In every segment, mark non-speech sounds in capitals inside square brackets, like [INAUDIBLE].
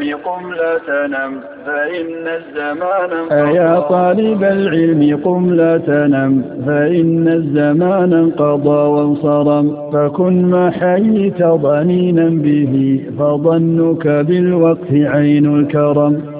العلم قم لا تنم فإن الزمان أيا طالب العلم قم لا تنم فإن الزمان انقضى وانصرم فكن ما حييت ضنينا به فظنك بالوقت عين الكرم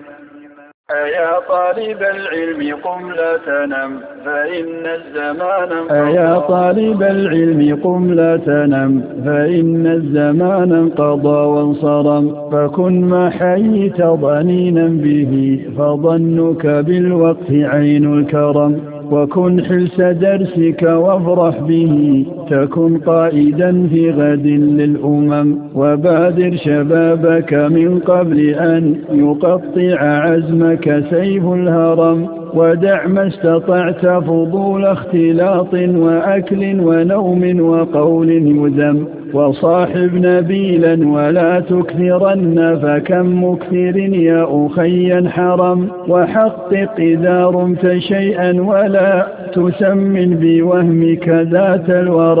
أيا طالب العلم قم لا تنم فإن الزمان أيا طالب العلم قم لا تنم فإن الزمان انقضى وانصرم فكن ما حييت ضنينا به فظنك بالوقت عين الكرم وكن حلس درسك وافرح به تكن قائدا في غد للأمم وبادر شبابك من قبل أن يقطع عزمك سيف الهرم ودع ما استطعت فضول اختلاط وأكل ونوم وقول يذم وصاحب نبيلا ولا تكثرن فكم مكثر يا أخي حرم وحقق إذا رمت شيئا ولا تسمن بوهمك ذات الورى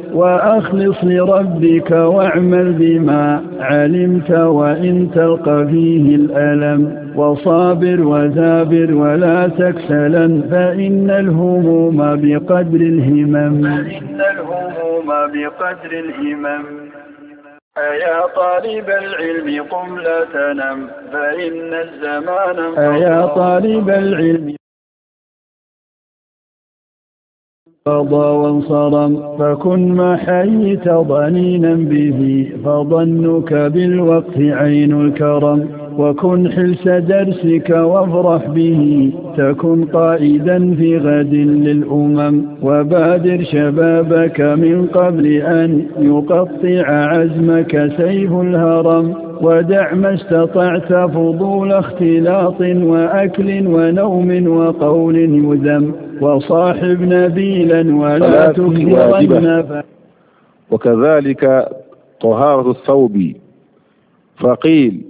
وأخلص لربك واعمل بما علمت وإن تلقى فيه الألم وصابر وذابر ولا تكسلا فإن الهموم بقدر الهمم فإن الهموم بقدر الهمم أيا طالب العلم قم لا تنم فإن الزمان أيا طالب العلم فضى وانصرم فكن ما حييت ضنينا به فظنك بالوقت عين الكرم وكن حلس درسك وافرح به تكن قائدا في غد للأمم وبادر شبابك من قبل أن يقطع عزمك سيف الهرم ودع ما استطعت فضول اختلاط وأكل ونوم وقول يذم وصاحب نبيلا ولا تكثرن وكذلك طهارة الثوب فقيل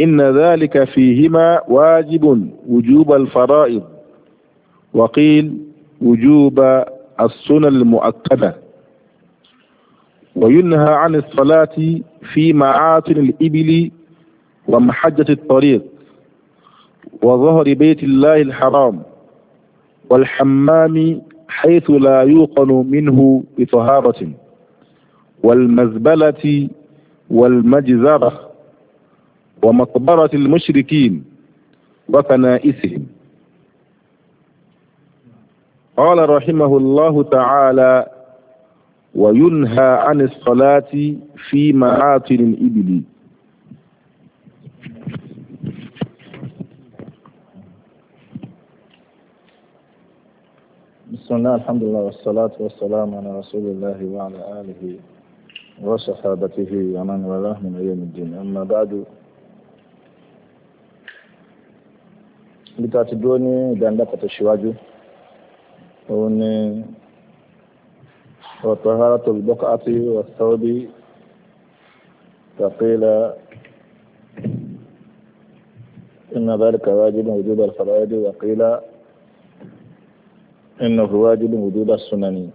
إن ذلك فيهما واجب وجوب الفرائض وقيل وجوب السنن المؤكدة وينهى عن الصلاة في معاتن الإبل ومحجة الطريق وظهر بيت الله الحرام والحمام حيث لا يوقن منه بطهارة والمزبلة والمجزرة ومقبرة المشركين وكنائسهم قال رحمه الله تعالى وينهى عن الصلاة في معاطن الإبل بسم الله الحمد لله والصلاة والسلام على رسول الله وعلى آله وصحابته ومن والاه من أيام الدين أما بعد لتعتدوني بأن لقط الشواج وطهارة البقعة والثوب فقيل إن ذلك واجب وجوب الفرائض وقيل إنه واجب وجود السنن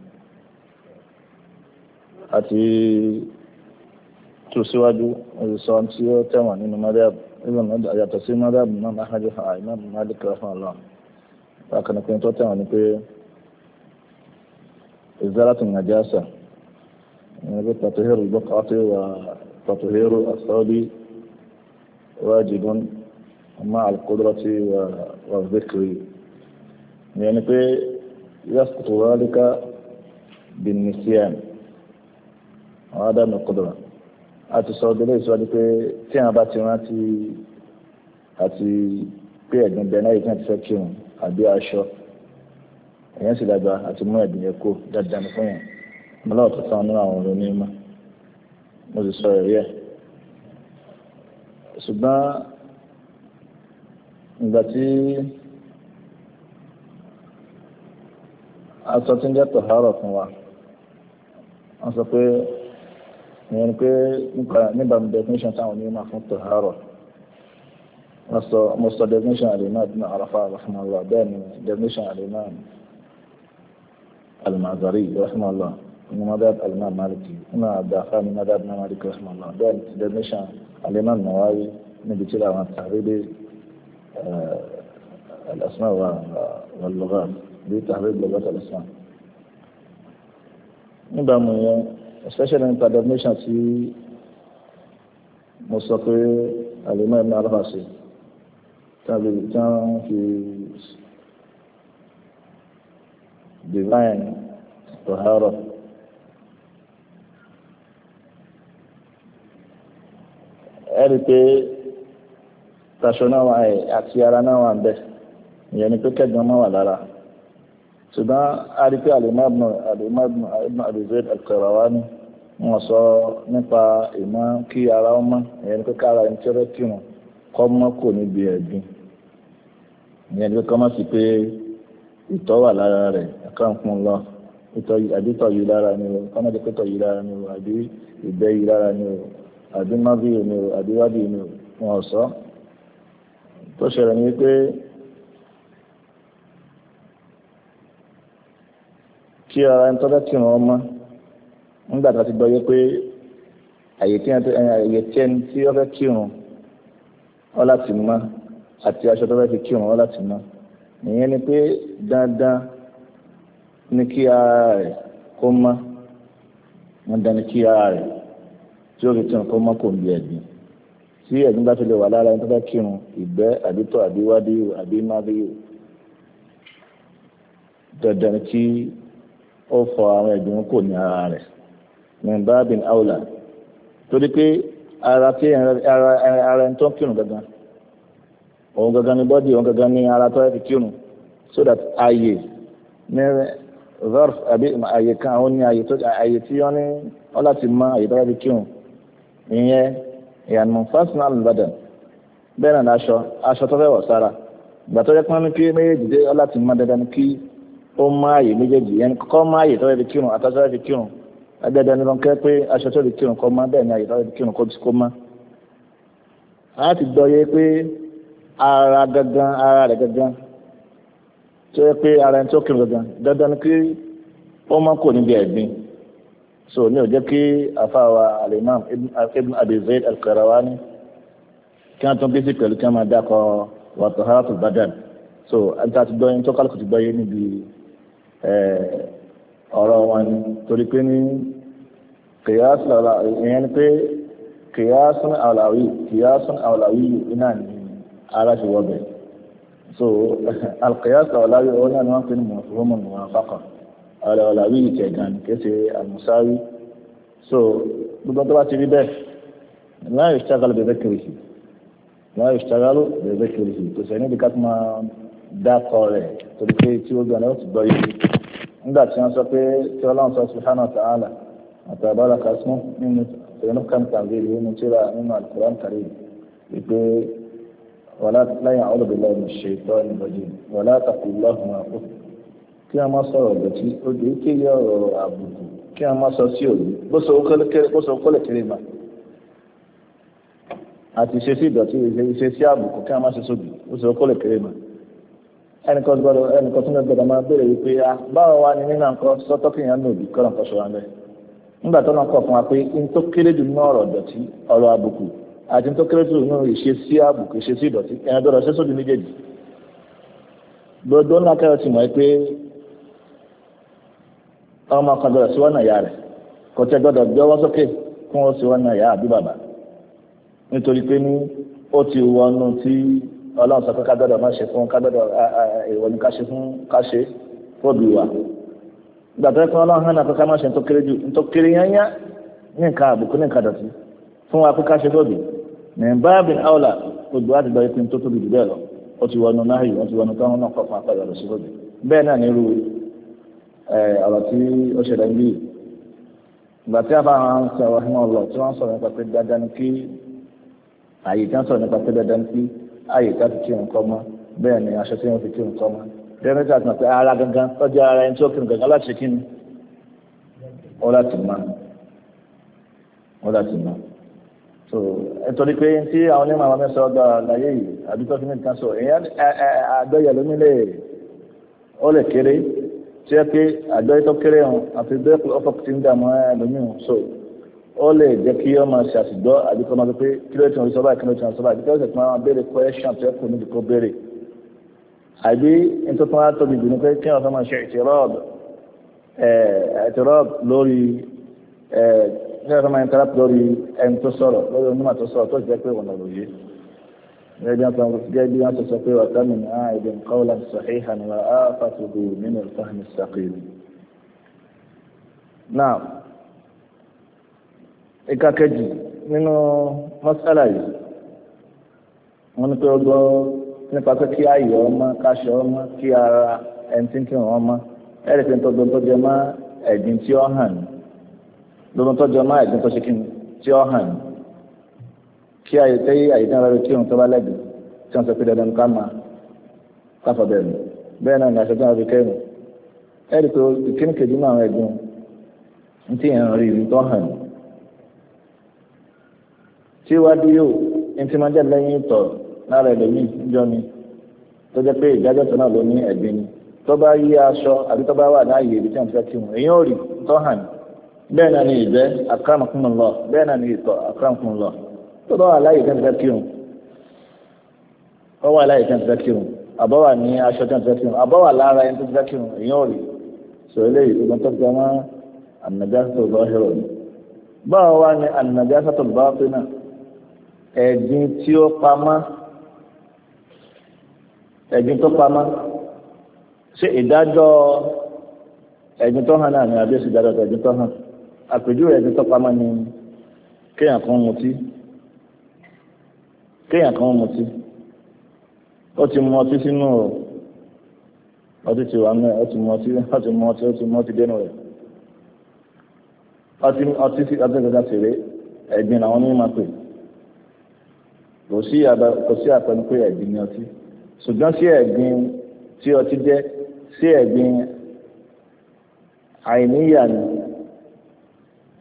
àti tó síwájú òṣìṣọ́ tí ó tẹ̀wọ̀n nínú madhab ibùn àyàtọ̀ sí madhab náà mahajj àìmọ́ malik rahman allah akànnìkan tó tẹ̀wọ̀n ni pé ìzáratù nàjásà níbi tàtúhérù bọ́kàtì wà tàtúhérù àsọ́bí wájibun máa alqudrati wà zikri ìyẹn ni pé يسقط ذلك بالنسيان وهذا من القدرة àtisọ́dọ̀ lè sọ pé tí àwọn bá ti rántí àti pé ẹ̀gbìn bẹ́ẹ̀ náà yìí kàn ti fẹ́ kírun àbí aṣọ èèyàn sì dàgbà àti mú ẹ̀gbìn yẹn kó dáadáa ní fún yẹn mo náà tó tán nínú àwọn ọ̀rọ̀ onímọ̀ mo sì sọ aṣọ tí ń jẹ́ tọ̀hárọ̀ fún wa wọ́n sọ pé ìyẹn ni pé nígbà mi definition táwọn onímọ̀ fún tọ̀hárọ̀ wọ́n sọ mo sọ definition alimam ibn Arafah rahimahullah bẹ́ẹ̀ ni definition alimam al-Mazari rahimahullah ní madhab alimam Maliki ní àdáfà ní madhab Maliki rahimahullah bẹ́ẹ̀ ni definition alimam Nawawi níbi tí làwọn tàbí dé al-asma wal-lughah. bíi tààrí gbogbo tàbí sàn. nígbà mọ̀ yẹn especially nípa definition tí mo sọ pé àlèmọ́ ẹ̀mí alábàṣe tàbí tí fi divine tòhárọ̀. ẹ̀rí pé taṣọ náà wà ẹ̀ àti ara náà wà ń ìyẹn ni pé kẹ́gbọ́n máa wà lára ṣùgbọ́n a rí pé alimadu alimadu abizet alkarawani wọn sọ nípa ìmọ̀ kí ara ọmọ ìyẹn ní kíkà ara ìtẹ́rẹ́ tì wọn kọ́ mọ́ kò níbi ẹ̀gbin ìyẹn ní kíkọ́ mọ́ sí pé ìtọ̀ wà lára rẹ̀ àkàǹkùn lọ ìtọ̀ àbí tọ̀ yìí lára ni o kọ́mọ́dé pé tọ̀ yìí lára ni o àbí ìgbẹ́ yìí lára ni o àbí mọ́bí ni o àbí wádìí ni o wọn sọ tó ṣẹlẹ̀ ni pé. kí ara ẹni tọ́jọ́ tì wọ́n mọ́ nígbà tó ti gbọ́ yẹ pé àyè tí ẹni tí wọ́n fẹ́ kírun ọ́ láti mọ́ àti aṣọ tó fẹ́ fi kírun ọ́ láti mọ́ ìyẹn ni pé dandan ní kí ara rẹ̀ kó mọ́ dandan ní kí ara rẹ̀ tí ó fi tún kó mọ́ kò ń bí ẹ̀gbìn tí ẹ̀gbìn bá fi lè wà lára ẹni tó fẹ́ kírun ìgbẹ́ àbítọ̀ àbíwádìí àbí mábíyò dandan kí ó fọ àwọn ẹ̀gbìn kò ní ara rẹ̀ nígbà bin aula torí pé ara tí ara ẹni tó ń kírun gangan òun gangan ni bọ́dì òun gangan ni ara tó ń fi kírun so that ààyè ní zarf àbí ààyè kan àwọn ní ààyè tí wọ́n ní wọ́n láti mọ ààyè tó ń fi kírun ìyẹn ìyànnú fásitì alùbàdàn bẹ́ẹ̀ náà aṣọ aṣọ tó fẹ́ wọ̀ sára ìgbà tó ní kí méjèèjì dé wọ́n láti mọ dandan kí ó má àyè méjèèjì yẹn kọ́ má àyè tọ́wọ́ fi kírun àtàtọ́ fi kírun agbẹ́dẹ́ ní lọ́nkẹ́ pé aṣọ tó fi kírun kọ́ má bẹ́ẹ̀ ni àyè tọ́wọ́ fi kírun kó má. a ti gbọ́ yẹ pé ara gangan ara rẹ̀ gangan tó yẹ pé ara ẹni tó kírun gangan dandan ni pé ó má kò níbi ẹ̀gbin so ní òjẹ́ kí àfàwà alimam ibn abi zayd al-Qarawani kí wọ́n tún bí sí pẹ̀lú kí wọ́n máa dákọ̀ wàtò haratul badan so àti àti gbọ́ yẹn tó kálukú ti gbọ́ yẹn níbi ọ̀rọ̀ wọn ni torí pé ní kìyásùn àlàwí ìyẹn ni pé kìyásùn àlàwí kìyásùn àlàwí yìí náà ara ṣe wọ́bẹ̀ so alkìyásùn àlàwí ọ̀hún náà ni wọ́n fi ní mọ̀fọ́mọ̀ mọ̀fọ́kọ̀ àlàwí ìtẹ̀gàn kéṣe àmúsáwí so gbogbo tó bá ti rí bẹ́ẹ̀ láyé ìṣàgàlù bẹ̀rẹ̀ kiri sí láyé ìṣàgàlù bẹ̀rẹ̀ kiri sí kò sẹ́ni bí ká tó máa dákọ̀ rẹ̀ torí pé tí ó ti gbọ́ yìí nígbà tí wọ́n sọ pé tí ọlọ́run sọ subhanahu wa ta'ala àtàbára kásún nínú tẹ̀yìnú kàǹtàǹdé ìlú nínú tíra nínú al-Qur'an wípé wàlá láyìn àwọn olùbẹ̀lẹ̀ ọ̀nà ṣe tọ́ ní bọ́jú wàlá taqul lahuma uff kí a máa sọ̀rọ̀ ọ̀dọ̀tí ojú kéye ọ̀rọ̀ àbùkù kí sọ sí òbí bó sọ kọ́lẹ̀ kéré àti ṣe sọ kọ́lẹ̀ kéré ẹnìkan gbọ́dọ̀ ẹnìkan tún gbọ́dọ̀ máa béèrè wípé a báwo wá ní nínú nǹkan sọtọ kéèyàn nù bí kọlọ nǹkan ṣọra bẹ́ẹ̀ nígbà tó náà fún wa pé n tó kéré jù nínú ọ̀rọ̀ ọ̀rọ̀ àbùkù àti n tó kéré jù nínú ìṣesí àbùkù ìṣesí ìdọ̀tí sódì méjèèjì ti pé ọmọ kan náà yá kò tẹ sókè kún ó náà yá àbí bàbá nítorí pé ní ó ti wọnú tí ọlọ́run sọ pé ká gbọ́dọ̀ má ṣe fún ká gbọ́dọ̀ èèwọ̀ ni ká ṣe fún ká ṣe fóbi wa ìgbà tó yẹ kí ọlọ́run hàn náà pé ká má ṣe tó kéré jù tó kéré yányá ní nǹkan àbùkù ní nǹkan dọ̀tí fún wa pé ká ṣe fóbi ní báàbí àwòlà gbogbo àti gbọ́ ìpín tó tóbi jù bẹ́ẹ̀ lọ ó ti wọnú náà yìí ó ti wọnú táwọn náà kọ̀ fún apá ìyàlọ́ sí fóbi bẹ́ẹ̀ náà nírú ọ̀rọ̀ tí ó ṣẹlẹ̀ ń bí ìgbà tí a bá ń sọ̀rọ̀ ọ̀hún ọ̀lọ́ tí wọ́n sọ̀rọ̀ nípa pé dandan kí àyè tí wọ́n sọ̀rọ̀ nípa pé dandan kí ààyè ìta ti kírun kọ́ mọ́ bẹ́ẹ̀ ni aṣọ tí wọ́n fi kírun kọ́ mọ́ dẹ́rẹ́tà ti mọ̀ pé ara gangan tọ́jú ara ẹni tó kírun gangan láti ṣe kíni ó láti mọ́ ó láti mọ́ so nítorí pé tí àwọn onímọ̀ àwọn mẹ́sàn-án ọgbà láyé yìí àbí tó fi ní nǹkan sọ èèyàn àgbẹ̀yẹ̀ lómi lè ó lè kéré tí ẹ pé àgbẹ̀yẹ̀ tó kéré hàn àti bẹ́ẹ̀ ọkọ̀ ti ń dààmú ẹ lómi hàn so ó lè jẹ́ kí ọmọ ṣàṣìgbọ́ àbí kọ́ máa sọ pé kí ló ti ń sọ báyìí kí ló ti ń sọ báyìí kí ló ti máa béèrè question tó yẹ kó níbi kó béèrè àbí nítorí wọn á tóbi jù ní pé kí wọn fẹ́ máa ṣe ìtìrọ́ọ̀bù ìtìrọ́ọ̀bù lórí ní ọ̀sán máa ń lórí ẹni tó sọ̀rọ̀ lórí onímọ̀ tó sọ̀rọ̀ tó jẹ́ pé ọ̀nà òye gẹ́gẹ́ bí wọ́n ìka kejì nínú mọ́sálà wọn ni pé ó gbọ́ nípa pé kí ayọ̀ ọmọ káṣọ ọmọ kí ara ẹni tí ọmọ ẹ̀rì pé tọ́jú tó jẹ mọ́ ẹ̀gbin tí ó hàn ọha. tó jẹ mọ́ ẹ̀gbin tó ṣe kí tí ó hàn kí ayọ̀ tó bá lẹ́gbẹ̀ẹ́ tí wọ́n sọ pé dandan ká máa bẹ́ẹ̀ náà aṣọ tó ń síwájú yóò ní tí máa jẹ́ lẹ́yìn ìtọ̀ lára ẹlòmíì jọ ni tó jẹ́ pé ìdájọ́ tó náà ló ní ẹ̀gbin ni tó bá yí aṣọ àbí tó bá wà láàyè ibi tí wọ́n ti fẹ́ kí wọn èyí ò rí tó hàn bẹ́ẹ̀ náà ni ìgbẹ́ akramakumullah bẹ́ẹ̀ náà ni ìtọ̀ akramakumullah tó bá wà láàyè tí wọ́n ti fẹ́ kí wọn ó wà láàyè tí wọ́n ti fẹ́ kí wọn àbọ̀ wà ní aṣọ tí wọ́n ti fẹ́ kí wọn àbọ̀ wà lára ẹni tó ti fẹ́ kí wọn èyí ò rí sọ eléyìí ìgbọ́n tó fi ọmọ ànàjásátò lọ́hìrò báwo ẹ̀gbin tí ó pamọ́ ẹ̀gbin tó pamọ́ ṣé ìdájọ́ ẹ̀gbin tó hàn náà ni àbí èsì ìdájọ́ ẹ̀gbin tó hàn àpèjúwe ẹ̀gbin tó pamọ́ ni kéèyàn kan mutí kéèyàn kan mutí ó ti mu ọtí sínú ọtí ti wà mẹ́rin ó ti mu ọtí ó ti mu ọtí ó ti mu ọtí dénú rẹ̀ ọtí ọtí sí ọtí gbẹdá sí rẹ̀ làwọn onímọ̀ pè é. kò sí àpẹnu pé ní ọtí ṣùgbọ́n sí ẹ̀gbin tí ọtí jẹ́ sí ẹ̀gbin àìníyà ni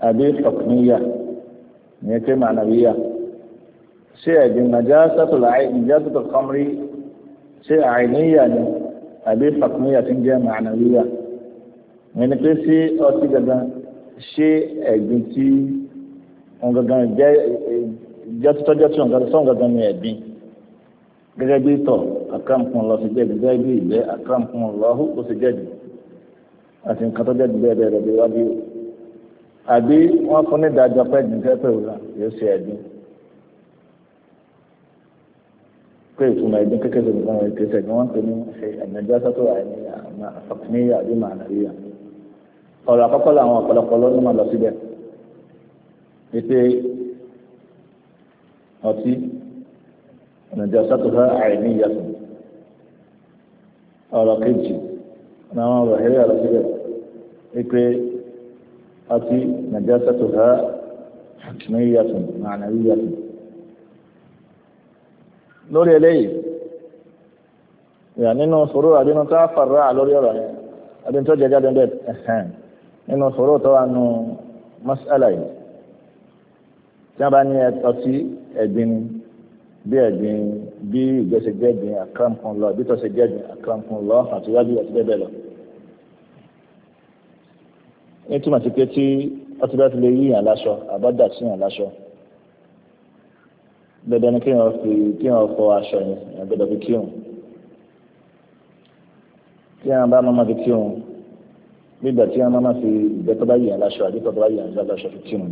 àbí fọkàníyà ní pé mànàwíyà sí ẹ̀gbin nàjásátòlá nàjásátòlá kọ́mrí sí àìníyà ni àbí tí ń jẹ́ mànàwíyà pé sí ọtí gangan jẹ́títọ́jẹ́tí ọ̀gá sọ̀n gangan ní ẹ̀bí gẹ́gẹ́ bí tọ̀ àkàǹkùn lọ sí jẹ́bi gẹ́gẹ́ bí ìgbẹ́ àkàǹkùn lọ́hùn ó sì jẹ́bi àti nǹkan tó jẹ́bi bẹ́ẹ̀ bẹ́ẹ̀ bẹ́ẹ̀ wájú àbí wọ́n fún ní ìdájọ́ pé nǹkan pè wúlà yóò ṣe ẹ̀bí pé ìtumọ̀ ẹ̀bí kékeré nǹkan wọn kékeré ẹ̀bí wọ́n pè ní ẹ̀nàjọ́ sọ́tò àìníyà àbí màánàríyà ọ̀rọ̀ àkọ́kọ́ làwọn ọ̀pọ̀lọpọ̀ lọ́nà lọ síbẹ̀ wípé ọtí ọ̀nàjà sátọ̀fà àìní yàtọ̀ ọ̀rọ̀ kejì náà ọ̀rọ̀ hẹ́rì ọ̀rọ̀ síbẹ̀ wípé ọtí ọ̀nàjà sátọ̀fà àìní yàtọ̀ màánàrí yàtọ̀ lórí eléyìí ìyá nínú sòrò àdínú tá a fara lórí ọ̀rọ̀ yẹn àdínú tó jẹjẹ dẹ́ndẹ́ ẹ̀hẹ́n nínú sòrò tó wà nù mọ́sálà yìí tí wọ́n bá ní ọtí ẹ̀gbin bí ẹ̀gbin bí ìgbésẹ̀ gẹ́gbin àkàǹkùn lọ bí tọ́sẹ̀ gẹ́gbin àkàǹkùn lọ àti wájú àti bẹ́ẹ̀ bẹ́ẹ̀ lọ. ní túmọ̀ sí pé tí ọtí bá ti lè yí yàn láṣọ àbádà sí yàn láṣọ dandan ni kéèyàn fi kéèyàn fọ aṣọ yẹn èèyàn gbọdọ̀ fi kírun kéèyàn bá mọ́mọ́ fi kírun nígbà tí wọn máa fi ìgbẹ́ tó bá yàn láṣọ àbí tó bá yàn láṣọ fi kírun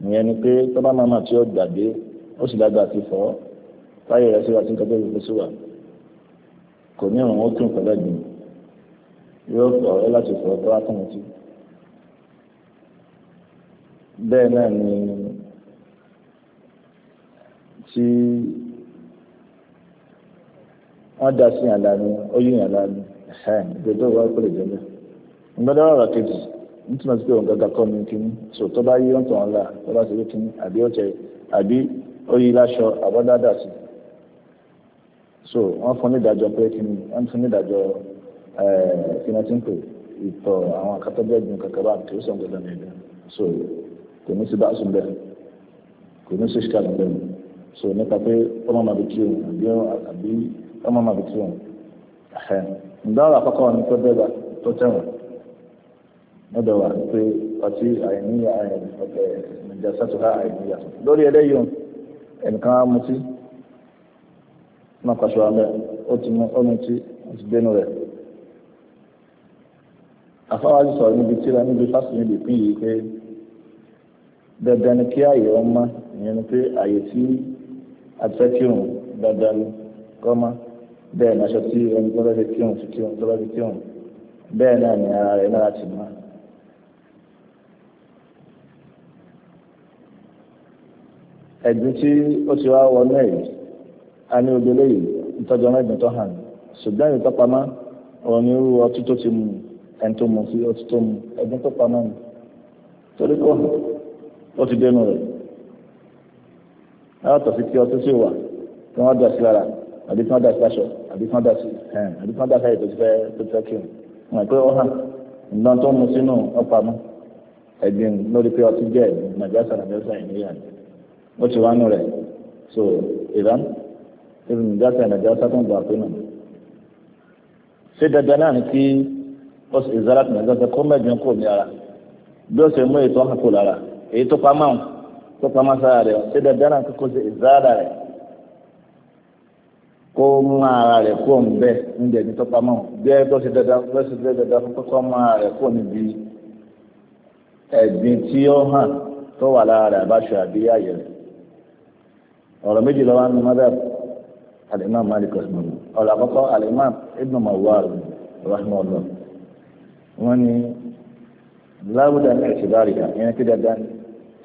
nìyẹn ni pé tó bá tí ó gbàgbé ó sì lágbà àti fọ́ láyé rẹ̀ síwájú nǹkan tó yẹ kó síwá kò ní àwọn ó tún pẹ̀lú ẹ̀gbìn yóò fọ ọ láti fọ tó wá tún ti bẹ́ẹ̀ náà ni tí wọ́n dá sí yàn lánàá ó yí yàn lánàá ẹ̀hẹ́n ìgbẹ́jọ́ wa kò lè jẹ́lẹ̀ ìgbẹ́jọ́ ọ̀rọ̀ kejì nítorí pé òun gàgà kọ́ ni kíní sọ tó bá yí ọ̀tọ̀ ọ̀la tó bá ti rí kíní àbí ọ̀tẹ̀ àbí oyin láṣọ àbọ̀dádà sí so wọ́n fún nídàjọ́ pé kí ni wọ́n fún nídàjọ́ eh, kí wọ́n ti ń pè ìtọ̀ àwọn akátọ́gbẹ́gbìn kankan bá kì í sọ gbọdọ̀ nìyẹn so kò ní sí bá sùn bẹ́ẹ̀ kò ní sí ṣíkà lọ́dọ̀ so nípa pé ọmọ màbí kí òun àbí àbí ọmọ màbí kí òun ẹ̀hẹ́ ǹdáwọ̀ àkọ́kọ́ ni tó dẹ́gbà tó tẹ̀wọ̀n lọ́dọ̀ wà pé ọtí àìníyà àìníyà nàìjà eh, sátúrà àìníyà lórí ẹlẹ́yìí ẹnìkan á mutí náà kọṣọ abẹ ó ti mú ó mutí ó ti dénú rẹ afáwájú sọ̀rọ̀ níbi tíra níbi fásitì níbi ìpín yìí pé dandan ni kí ààyè ọmọ ìyẹn ni pé ààyè tí àtúfẹ́ kírun dandan ni kọ́ mọ́ bẹ́ẹ̀ ni aṣọ tí ẹni tó bá fi kírun fi kírun tó bá fi kírun bẹ́ẹ̀ náà ni ara rẹ̀ náà ti mọ́. ẹ̀gbin tí ó ti wá wọ náà yìí a ní odò léyìí ìtọ́jú ọmọ ẹ̀gbin tó hàn ṣùgbọ́n ìtọ́ pamọ́ òun ní irú ọtí tó ti mu ẹni tó mu sí ọtí tó mu ẹ̀gbin tó pamọ́ ni torí pé ó ti dénú rẹ̀ látọ̀ sí kí ọtí sì wà kí wọ́n dà sí lára àbí kí wọ́n dà sí aṣọ àbí kí wọ́n dà sí ẹ̀ẹ́n àbí kí wọ́n dà sí àyè tó ti fẹ́ tó ti fẹ́ kí wọn wọn pé ó hàn ìgbọ́n tó mu sínú ọ̀pamọ́ ẹ̀gbin lórí pé ọtí jẹ́ ẹ̀gbin nàìjíríà sàrànjọ́sà ìníyà ni ó ti wá nù rẹ̀ so ìdán ìrìn ìjásá ìnàjásá tó ń gbà pé nù. ṣé dandan náà ni kí ó sì ìzára tó ń gbà kó mẹ́jọ kò ní ara bí ó sì mú ètò ọkàn kò lára èyí tó pamọ́ tó pamọ́ sára rẹ̀ ṣé dandan náà kó sì ìzára mú ara rẹ̀ kó ń bẹ́ níbi ẹni tó pamọ́ bí ẹ tó ṣe dandan bó kókó mú ara rẹ̀ kó níbi ẹ̀gbin tí ó hàn tó wà lára rẹ̀ àbáṣọ àbí àyẹ̀rẹ̀ ọ̀rọ̀ méjì lọ́wọ́ nínú madhab al-imam malik rahman ọ̀rọ̀ àkọ́kọ́ al-imam ibn mawar rahman ọlọ́ wọ́n ní láwùdà ní ìṣìbárì yà ìyẹn kí dandan ní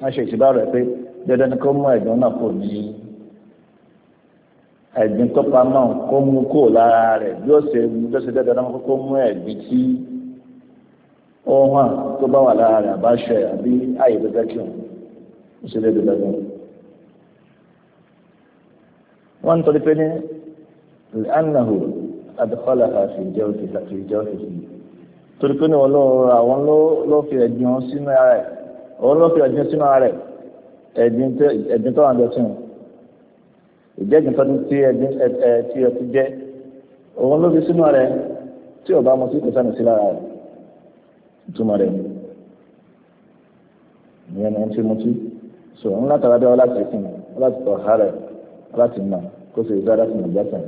wọ́n ṣe ìṣìbárì rẹ̀ pé dandan ni kó mú ẹ̀gbọ́n náà kò ní ẹ̀gbin tó pamọ́ kó mú kó lára rẹ̀ bí ó ṣe mú tó ṣe dandan náà kó mú ẹ̀gbin tí ó hàn tó bá wà lára rẹ̀ àbáṣẹ àbí àyè dandan kí òun ó ṣe lé dandan wọ́n ń torí pé ní annahu adkhalaha fi jawfi fi jawfi torí pé ní wọn lọ́wọ́ àwọn ló fi ẹ̀gbin sínú ara rẹ̀ òun ló fi ẹ̀gbin sínú ara rẹ̀ ẹ̀gbin tó wọn jọ sínú ìjẹ́gbin tó ti ẹ̀gbin ti ọtí jẹ́ òun ló fi sínú ara rẹ̀ tí ọba mo sì kò sánù sí lára rẹ̀ ìtumọ̀ rẹ̀ ìyẹn ni wọ́n ti mutí so ńlá tàbí ọlá ti fún ọlá ti tọ̀ ha rẹ̀ ọlá ti mọ̀ kó sì dára sí nàìjásà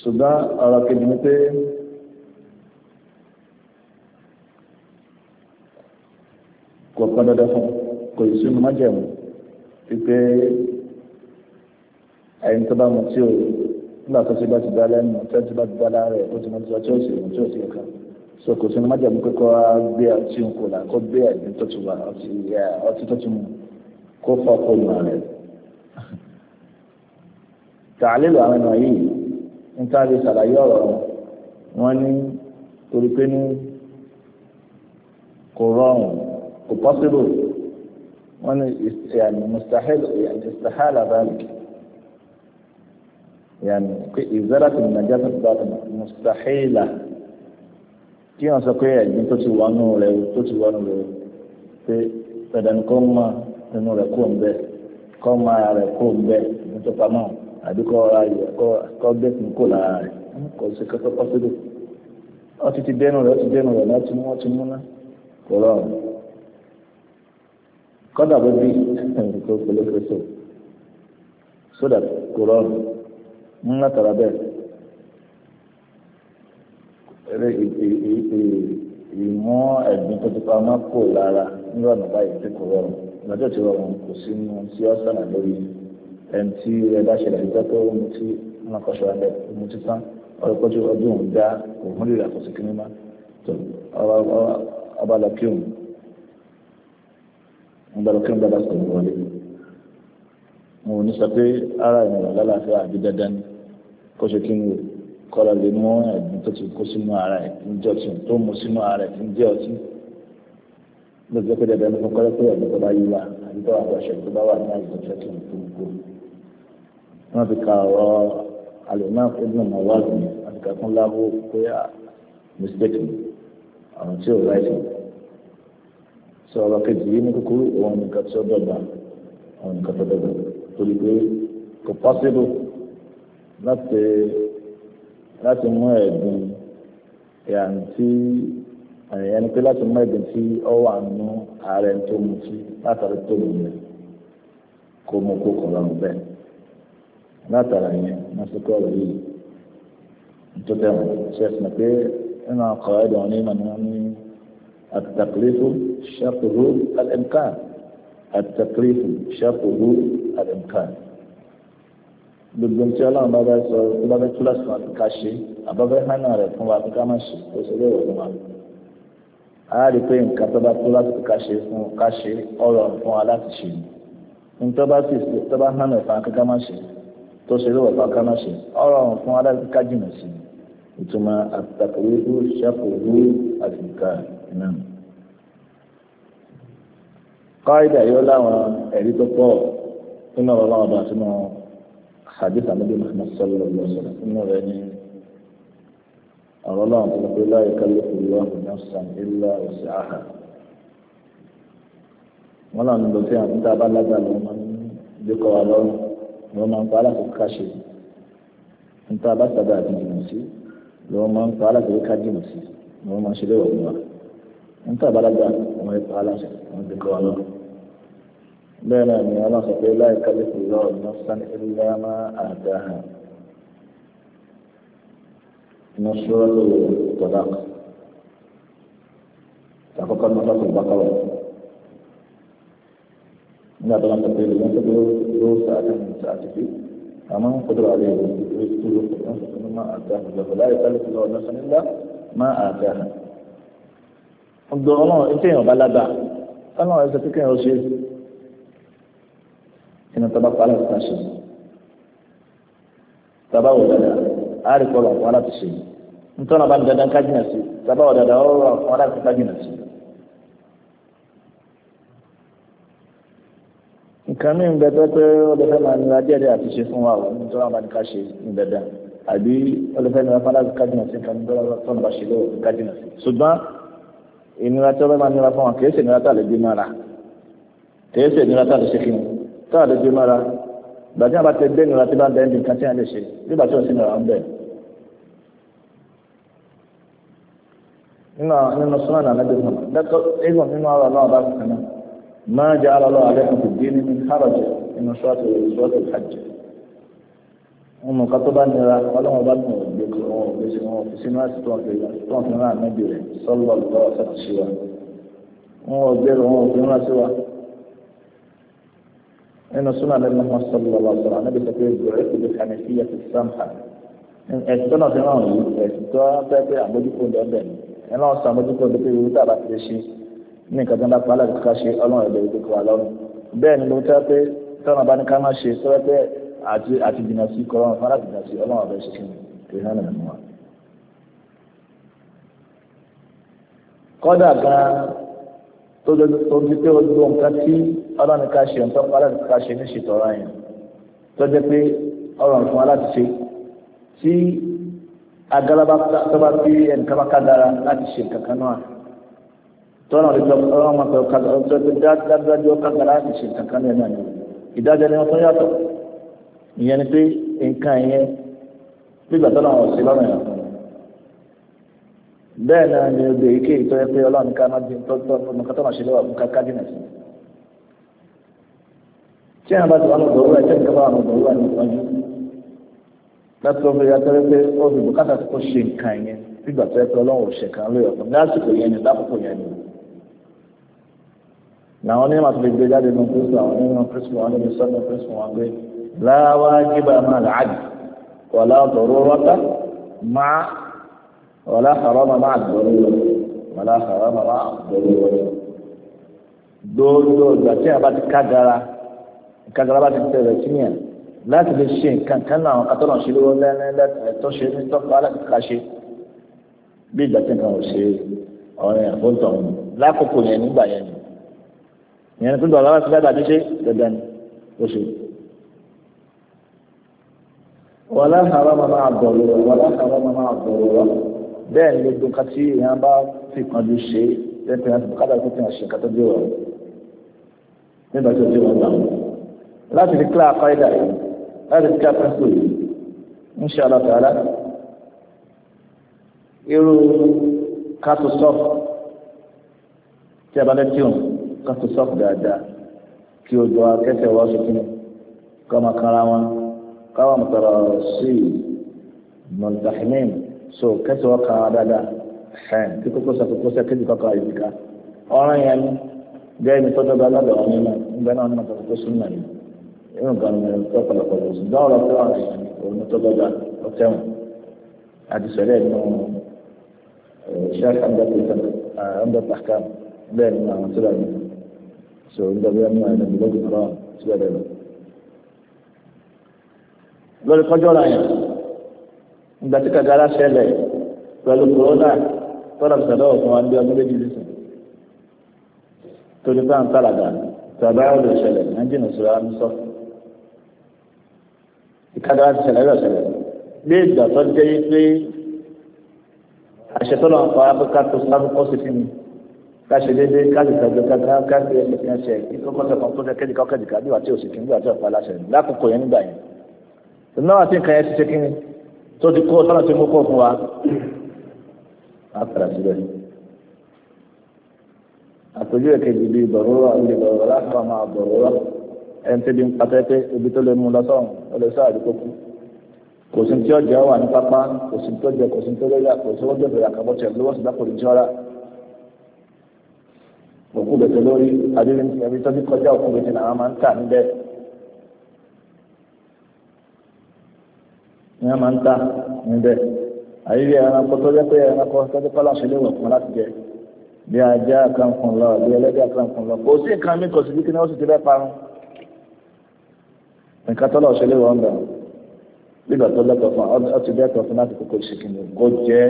ṣùgbọ́n ọ̀rọ̀ kejì ni pé kò pọn dandan fún kò sí inú májẹ̀mú wípé ẹni tó bá mu tí o nígbà tó ti bá ti dá lẹ́nu tó ti bá ti dá lára ẹ̀ ó ti mọ ti sọ tí ó sì rìn tí ó sì yẹ kan. so kò sínú májàmú ko kó gbé ọtí ń kóla kó gbé ẹ̀dín tó ti wà ọtí tó ti mú kó fọ́ kó nù rẹ̀. àwọn ènìyàn yìí ń tàbí ṣàlàyé ọ̀rọ̀ wọn ní torí pé ní kò rọrùn kò pọ́sibò wọn ní yàní mustahil yàní istahala báyìí yàní pé ìzára tó nàjà tó bá mustahila. kí wọn sọ pé ẹ̀gbin tó ti wọnú rẹ̀ tó ti wọnú rẹ̀ pé pẹ̀dánù kọ́ mọ inú rẹ̀ kó ń bẹ kọ́ mọ ara rẹ̀ kó ń bẹ ní tó pamọ́ àbí kọ́ ara rẹ̀ kọ́ bẹ́ẹ̀ fún kó lára rẹ̀ kò sí kọ́tọ́ pọ́sílẹ̀ wọ́n ti ti dẹnu rẹ̀ wọ́n ti dẹnu rẹ̀ láti mú wọ́n ti mú ná kò rọrùn kọ́dà bó bí ẹ̀rìn [LAUGHS] kó pẹ̀lú kẹsọ̀ sódà kò rọrùn ń látara bẹ́ẹ̀. E, e, e, ìmú ẹ̀gbin tó ti pamọ́ kò lára nírú ọ̀nà báyìí tí kò rọrùn ìgbàjọ́ tí rọrùn kò sí mú tí ó sànà lórí ẹni tí ẹ bá ṣẹlẹ̀ nígbà tó mú tí wọn kọ́ ṣọ́ra lẹ̀ mú tí tán ọlọ́pọ́jú ọdún òun dá òun lè àkóso kí ní má tó ọba lọ kí òun dáadáa sọ̀rọ̀ wọlé òun ní sọ pé ara ìrìnàlá láàfin àbí dandan kó ṣe kí ní o kọ́lọ̀ lè mú ẹ̀gbìn tó ti kó sínú ara ẹ̀ fún jẹ́ ọtí tó mú sínú ara ẹ̀ fún jẹ́ ọtí ló jẹ́ pé dandan ló fún kọ́lọ́ pé ẹ̀gbìn tó bá yí wa àbí tó wà bá ṣẹ̀lẹ̀ tó bá wà ní àìsàn tó ti kú kú. wọ́n fi ka ọ̀rọ̀ àlùmá ìdùnnà náà wà lónìí wọ́n fi ka fún láwọ́ pé à mistake ni àwọn tí ò láìsàn. sọ ọ̀rọ̀ kejì yìí ní kúkúrú òun nìkan tó dọ̀gba òun nìkan tó dọ̀gba torí pé kò pọ́sibú láti láti mú ẹ̀gbin yàǹtí ẹni pé láti mú ẹ̀gbin tí ó wà nù ààrẹ tó mu tí látàrí tó mu yẹn kó mú kó kọ̀ lọ́rùn bẹ́ẹ̀ látara yẹn lásìkò ọ̀rọ̀ yìí tó dẹ̀wọ̀n ṣe é pé nínú ọkọ̀ ẹ̀dọ̀ ní ìmọ̀ ní àtàkùrẹ́fù ṣàkóso àlẹ́mkà àtàkùrẹ́fù ṣàkóso àlẹ́mkà gbogbo tí ọlọ́run bá bá sọ tó bá fẹ́ túlọ̀sì wọn àti ká ṣe àbáfẹ́ hánà rẹ̀ fún wa àti ká má ṣe kó ṣe léèwọ̀ fún wa. a rí i pé nǹkan tó bá túlọ̀sì ká ṣe fún ká ṣe ọ̀rọ̀ fún wa láti ṣe ni tó bá sì tó bá hánà rẹ̀ fún wa ká má ṣe tó ṣe léèwọ̀ fún wa ká má ṣe ọ̀rọ̀ fún wa láti ká jìnà sí i ìtumọ̀ àtàkùrẹ́ ìlú ṣàkóso àti nǹkan náà. kọ́ ìdà láwọn ẹ̀rí tó pọ̀ nínú ọ̀rọ̀ hadith anabi muhammad sallallahu alaihi wa sallam inú rẹ̀ ni ọ̀rọ̀ náà tó lọ́pẹ́ láyé kálí ìlú ọ̀hún náà sàn ilá òsì àhà wọn náà ń lọ sí àwọn tá a bá lágbàá lọ́wọ́ máa ń dékọ̀ wa lọ́rùn lọ́wọ́ máa ń pa aláṣẹ káṣe ń tá a bá sábà àti jìnnà sí lọ́wọ́ máa ń pa aláṣẹ ká jìnnà sí lọ́wọ́ máa ń ṣe léwọ̀ fún ń tá a bá lágbàá wọn ẹ̀ pa aláṣẹ wọn dékọ̀ wa lọ́rùn bẹ́ẹ̀ ni ọlọ́sọ̀ pé láì kálífù lọ nọ́sán ilé má àdá hàn inú sọ́ọ́lù tọ́lá àkọ́kọ́ nọ́sán tó bá kọ́wọ́ nígbà tó lọ́sọ̀ pé lóyún tó lóyún sáàtì sáàtì àmọ́ kótó wà lẹ́yìn tó lóyún tó lóyún tó má àdá hàn lọ́sọ̀ láì kálífù lọ nọ́sán ilé má àdá hàn. ọgbọ́n náà ẹ̀ṣẹ̀ yẹn ọba sínú tọ́ba kọ́ aláàtúntà ṣe ni tọ́ba wò dada á rí kọ́ lọ́kọ́ aláàtúntà ṣe ni ntọ́nà bá ní dandan ká jìnà sí tọ́ba wò dada ọ̀rọ̀ àwọn aláàtúntà jìnà sí. nǹkan mi ń bẹ pé pé ọlọ́fẹ́ máa nira díẹ̀ díẹ̀ àti ṣe fún wa o nítorí àwọn abánikà ṣe ní dandan àbí ọlọ́fẹ́ nira fún aláàtúntà jìnà sí nǹkan nítorí tọ́nà bá ṣe lọ́wọ́ ká jìnà sí. ṣùgbọ́n ìnira tí ọlọ́fẹ́ máa nira fún wa kì í ṣe ìnira tá a lè bí mara kì í ṣe ìnira tá a lè ṣe kí ni táà lè gbé mára ìgbà tí wọn bá ti gbé nira tí bá ń bẹ ẹni kan tí wọn lè ṣe nígbà tí wọn sì nira ń bẹ. nínú nínú súnmọ́ náà lẹ́gbẹ̀ẹ́ mọ́ lẹ́kọ́ ẹ̀gbọ́n nínú ara náà bá ti kàná máa jẹ́ ara lọ́wọ́ alẹ́ kùtù dín ní hàrọ̀jẹ̀ nínú sọ́ọ̀tù sọ́ọ̀tù hajj. wọn mọ̀ kátó bá nira ọlọ́wọ́n bá nù ọ̀gbẹ́ kọ́ wọn ọ̀gbẹ́ fi sínú àti tó nínú súnà lẹ́nu Muhammad sallallahu alaihi wasallam níbi sọ pé bẹ̀rẹ̀ kò lè kàní sí ẹ̀sìn sáǹpà ẹ̀sìn tó náà fi hàn yìí ẹ̀sìn tó fẹ́ pé àmójúkò ń dọ́bẹ̀ ni ẹ̀ náà sọ àmójúkò ń dọ́bẹ̀ wíwú tàbá ti lè ṣe ní nǹkan tó ń bá pa aláàbíkà ṣe ọlọ́run ẹ̀dẹ̀ ìdókò wa lọ́rùn bẹ́ẹ̀ ni lóòótọ́ pé tọ́nà bá ní ká má ṣe sọ́wọ́ wa. kọ́dà gan tó ti pé gbogbo nǹkan tí ọlọ́nìká ṣe nǹkan pa ọlọ́nìká ṣe ní ṣètọ́ra yẹn tó jẹ́ pé ọrọ̀ fún wa láti ṣe tí agalaba tó bá fi ẹnìkan bá kádàrá láti ṣe kankan náà tọ́nà lè sọ ọlọ́run máa sọ kádàrá tó ti dájú kádàrá láti ṣe kankan náà náà ìdájọ́ ni wọ́n tún yàtọ̀ ìyẹn ni pé nǹkan yẹn gbígbà tọ́nà ọ̀sẹ̀ lọ́nà yàtọ̀ bẹ́ẹ̀ na ni odò èké ìtọ́ ẹ pé ọlọ́run ká máa di tọ́tọ́ nǹkan ṣe lọ́wọ́ nǹkan ká sí. tí àwọn bá ti wà ní ọ̀dọ̀ òwúrọ̀ ẹ̀jẹ̀ nǹkan bá wà ní ọ̀dọ̀ òwúrọ̀ ní pé ó fi bùkátà ṣe nǹkan yẹn tó pé ọlọ́run ò ni lákòókò yẹn ni. làwọn ní màtí lè gbé jáde àwọn nínú wọn níbi sọ́nà wọn gbé ولا حرام مع الضرورة ولا حرام مع الضرورة دول دول باتين بات كاجرا كاجرا بات تلاتينيا لا تلشين كان كان لهم قطرون شلو لا لا لا تشي تطلع على كاشي bí ìgbà tí nǹkan ò ṣe ọ̀rẹ́ àbọ̀ntàn lákòókò yẹn nígbà yẹn ni ìyẹn tó dọ̀ọ́ láwọn ti dáadáa ti ṣe dandan ni ó ṣe. wọ́n láǹkà bá máa máa bọ̀ lọ́wọ́ wọ́n láǹkà bá máa máa bọ̀ lọ́wọ́ bẹ́ẹ̀ ni gbogbo nǹkan tí èèyàn bá fi kanjú ṣe lẹ́pẹ́ àti bùkátà tó fi hàn ṣe nǹkan tó dé ọ̀rọ̀ nígbà tó dé ọ̀rọ̀ láti fi kílà àkọ́ìdà yìí láti fi kílà pẹ́ńpù yìí ń ṣe ọlọ́tàrá irú kátó sọ́ọ̀fù tí a bá fẹ́ tíùn kátó sọ́ọ̀fù dáadáa kí o jọ akẹ́sẹ̀ wá sókè kọ́ máa kára wọn káwọn mọ̀tàrà sí mọ̀tàhìmẹ́yìn so kẹsì wọn kàn án dáadáa ẹn kí kókó sọ kókó sọ kéjì kọkọ àyè nìkan ọ̀ràn yẹn ni bẹ́ẹ̀ ni tọ́jọ́ bá lọ́dọ̀ ọ̀hún yẹn náà níbẹ̀ náà nígbà tó sún náà yìí inú nǹkan mi tó pọ̀lọpọ̀ lọ sí dáwọ́ lọ́pọ̀ ọ̀ràn yẹn òun tó lọ́dọ̀ ọ̀tẹ̀wọ̀n àti sọ̀rọ̀ ẹ̀ nù ṣáà ṣàǹdà bẹ́ẹ̀ ni eh, eh, àwọn sílẹ̀ ní so ń dọ̀bí ẹnu ẹ̀ níbi lọ́dún kan sílẹ̀ lẹ́nu. lórí kọjọ́ ra ìgbà tí kàgàrà ṣẹlẹ̀ pẹ̀lú kòrónà tọ́lá ìṣẹ̀lẹ̀ ọ̀fun wa ń bí ọdún méjì sísìn torí pé à ń tàlàdà tàbá ò lè ṣẹlẹ̀ ní jìnnà sọ̀rọ̀ àmì sọ. ìkàgàrà ti ṣẹlẹ̀ lọ́ṣẹlẹ̀ bí ìgbà tó jẹ́ pé àṣetọ́lọ̀ ń fa abúká tó sábúkọ́ sí fún mi káṣe déédéé káṣe tẹ̀gbẹ́ kankan káṣe ẹnìkan ṣe kíkọ́kọ́ tẹ̀kọ́ tó jẹ́ kẹ́díkọ́ kẹ́díkà bí wàá tí ò sì kí nígbà tí ọ̀pá aláṣẹ lákòókò yẹn nígbà yẹn. ìnáwó àti nǹkan yẹn ti ṣe kí ni tó ti kọ́ tọ́lá ti mú kọ́ fún wa á padà síbẹ̀. àpèjúwe kejì bíi bọ̀rọ̀rọ̀ ilé bọ̀rọ̀rọ̀ láti máa máa bọ̀rọ̀rọ̀ ẹni tẹ́bi ń patẹ́ pé ibi tó lè mú lọ sọ́run ó lè sọ àdúgbò kú kò sí tí ọjà wà ní pápá kò sí tí ọjà kò sí tí ọjà kò sí ọjà bẹ̀rẹ̀ àkàbọ̀tì ẹ̀ lọ́wọ́ sídà kò ní jọra òkú bẹ̀tẹ̀ lórí adé ẹbí tó kọjá òkú bẹ̀tẹ̀ làwọn máa ń tà níbẹ̀ Ni a máa ń tà níbẹ̀ àyírí ẹranko tó jẹ́ pé ẹranko tọ́jú kọ́lá ṣe léwọ̀ fún láti jẹ bí ajá kan fún lọ bí ẹlẹ́dẹ̀ kan fún lọ kò sí nǹkan mi kò sí bí kí ni ó sì ti bẹ́ẹ̀ parun nǹkan tó lọ́ọ́ ṣe léwọ̀ ń bẹ̀rù nígbà tó lẹ́tọ̀ fún ọ ti lẹ́tọ̀ fún láti kókó ṣe kìnìún kó jẹ́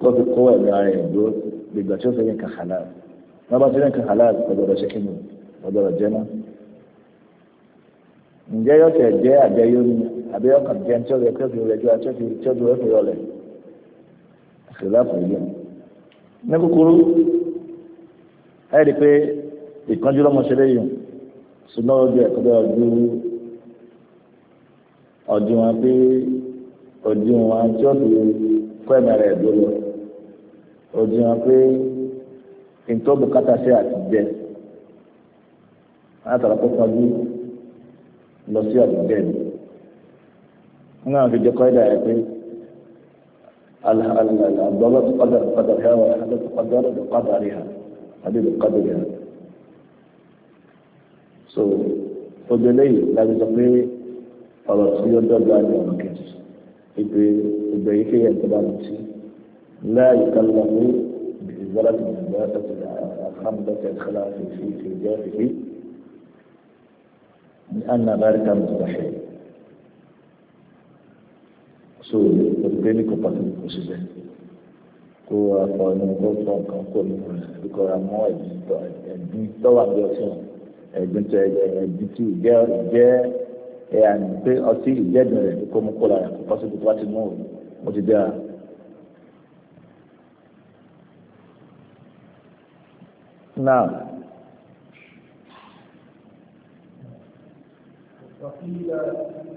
kó fi kó ẹ̀mí ara ẹ̀ dúró gbígbà tí ó fẹ́ yẹn kan halal wọ́n bá ti yẹn kan halal ọ̀dọ̀dọ̀ ṣe kìnìún ọ̀dọ̀dọ̀ jẹ́ náà àbí ọkàn jẹ́ tí ó yẹ kí ó rẹ̀ tí ó fi tí ó fi rẹ̀ yọlẹ̀ ìṣèláfọ̀ yìí. ní kúkúrú ẹ rí i pé ìkánjú lọ́mọṣẹ́lẹ̀ yìí ṣùgbọ́n ojú ẹ̀kọ́ bẹ́ẹ̀ ojú ọdún wọn pé ọdún wọn tí ó fi kọ́ ẹ̀mí rẹ̀ dúró ọdún wọn pé nǹkan bùkátà ṣe àtijẹ́ látara kó kọjú lọ sí ọ̀dún bẹ́ẹ̀ ni. نعم في القاعدة يقول ال ال الضلة قدر قدرها والحدث قدر بقدرها هذه بقدرها so for the day that is a way for us to do that in our case it will be a key and balance لا يكلم بإزالة النجاسة الخمدة الخلاف في في جافه لأن ذلك مستحيل pé ní kò pàtó kò sí bẹ́ẹ̀ kó afọ ní kó fọ nǹkan kó ní kò sí kó ra mọ́ ẹ̀gbìn tọ́ ẹ̀gbìn tọ́ wà bí ọtí wọn ẹ̀gbìn tọ́ ẹ̀gbìn tí ìjẹ́ ìjẹ́ ẹ̀ àná pé ọtí ìjẹ́dùn rẹ̀ kó mú kó lára kó pàtó kó wá ti mú òun mo ti dára. náà. فقيل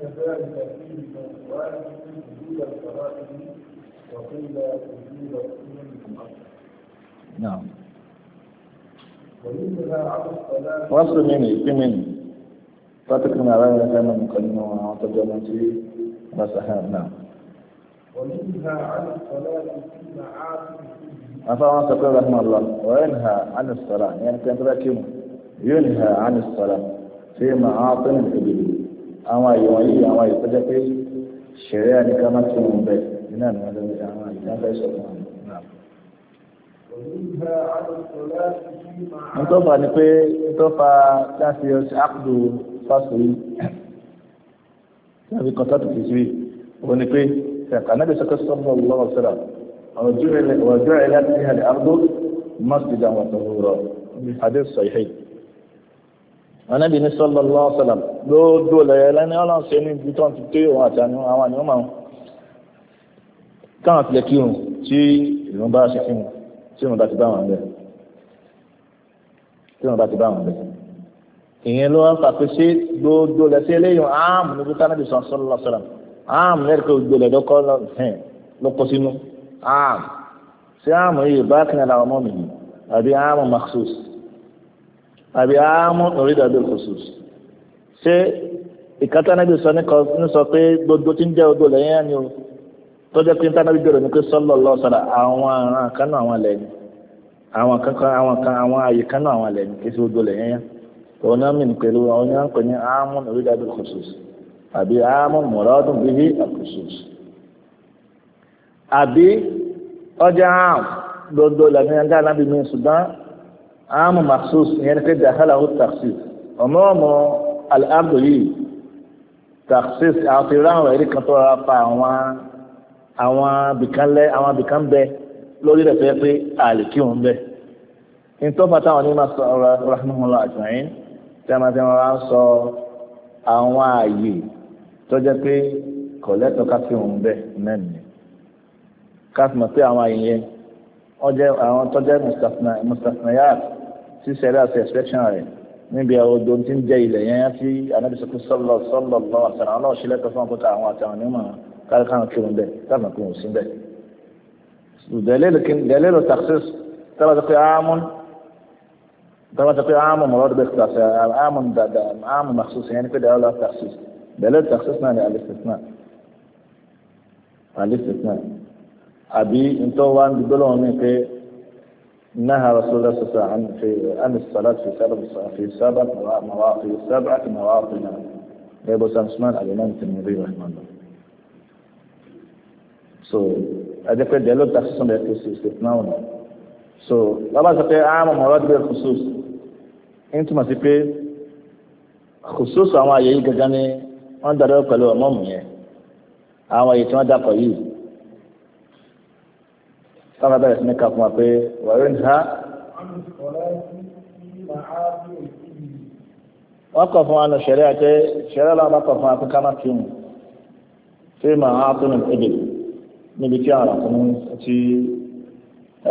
كذلك فيه نوعان وجود الفرائض وقيل وجود السنن نعم wasu mini kimin fata kuma ran ya kama mukalma wa wata gwamnati masu hana afa wa sakar rahmanullah wa yanha an as-salat yani kan tara kim yanha an as-salat fi ma'atin al-ibil àwọn àyè wọ̀nyí àwọn àyè tó jẹ́ pé ṣẹ̀rẹ́ àníkà má tún un bẹ̀ nínú àná lórí àwọn àyè náà fẹ́ sọ fún àwọn. n tó fà ni pé n tó fà láti ọ̀sẹ̀ àkùdù fásitì tàbí kọ́ńtàtù fìsìrì òun ni pé ṣàkà náà bí sọ́kẹ́ sọ́mọ́ lọ́wọ́ sọ́dà ọ̀jọ́ ẹ̀lá ti hàn àrùdó mọ́sídà wà tó rọ̀ adé sọ̀yẹ́ anabi ní sallallahu alaihi wasallam gbogbo lẹyẹ lẹni Ọlọ́run ṣe ní ibi tó ń ti tó ìwọn àti àwọn àníwọn máa ń káwọn tilẹ̀ kírun tí ìrun bá ṣe fún wọn tí ìrun bá ti bá wọn bẹ tí ìrun bá ti bá wọn bẹ ìyẹn ló wá fàpé ṣe gbogbo lẹsẹ eléyìí ààmù níbi tí anabi sallallahu alaihi wasallam ààmù lẹ́rìí kó gbogbo lẹ̀ lọ́kọ́ lọ́kọ́ sínú ààmù ṣé ààmù yìí bá kìnnìkan àwọn ọmọ mi yìí àbí ààmù makhsus àbí àmú orídàbí khusus ṣé ìkátánẹ́bí sọ ní sọ pé gbogbo tí ń jẹ́ odò lẹ́yìn àní o tọ́jọ́ pé ntánẹ́bí bẹ̀rẹ̀ ní pé sọ́lọ̀ lọ́sọ̀rọ̀ àwọn aràn kan náà àwọn lẹ́yìn àwọn kankan àwọn kan àwọn àyè kan náà àwọn lẹ́yìn kí sí odò lẹ́yìn yẹn òun náà mìíràn pẹ̀lú àwọn yẹn ń pè ní àmú orídàbí khusus àbí àmú mọ̀rọ́dún bíbí khusus àbí ọjà gbogbo lẹ́yìn àgbà náà àmọ́ maxus ìyẹn pé dàkàlàwò taxis ọmọ ọmọ alábò yìí taxis àti ráhùn ẹ̀rí kan tó rà pa àwọn àwọn abìkan lẹ àwọn abìkan bẹ lórí rẹ̀ fẹ́ pé àlìkí òun bẹ ntọ́fà táwọn onímọ̀ sọ ọ̀rọ̀ rahmanulah àjùmáyín tí a máa ti wọn sọ àwọn ààyè tó jẹ́ pé kọ̀lẹ́tọ̀ káfí òun bẹ mẹ́rin káfí mọ̀ pé àwọn ààyè yẹn wọ́n jẹ́ àwọn tó jẹ́ mustafnayat tí sẹ́rẹ́ àti inspection rẹ̀ níbi odò tí ń jẹ́ ilẹ̀ yẹn tí anabi sọ́kú sọ́lọ́ sọ́lọ́ lọ́wọ́ àtàrà ọlọ́wọ́ sílẹ̀ kan fún àkótá àwọn àtàwọn onímọ̀ káàkiri kírun bẹ́ẹ̀ káàkiri kírun sí bẹ́ẹ̀. dalilu takhsis taba ta kai amun taba ta kai amun mawar da ta sai amun da da amun makhsus yani kai dalilu takhsis dalilu takhsis na ne al نهى رسول الله صلى الله عليه وسلم في عن الصلاة في سبع في سبع مواطن سبعة مواطن أبو سمسمان الإمام الترمذي رحمه الله. So هذا كله دليل تخصيص للخصوص استثناؤنا. So لما سقي عام مراد بالخصوص أنت ما سقي خصوص أما يجي كجاني أن دارو كلو أمامه أما يتما دافعيه sábà bẹ̀rẹ̀ sí ní kà fún wa pé wàá ní ha. wọ́n kọ̀ fún wa nù sẹ̀rẹ́ àti sẹ̀rẹ́ làwọn bá kọ̀ fún wa pé ká má kí wọn fi mà á tó nù ebè níbi tí àwọn àkùnrin ti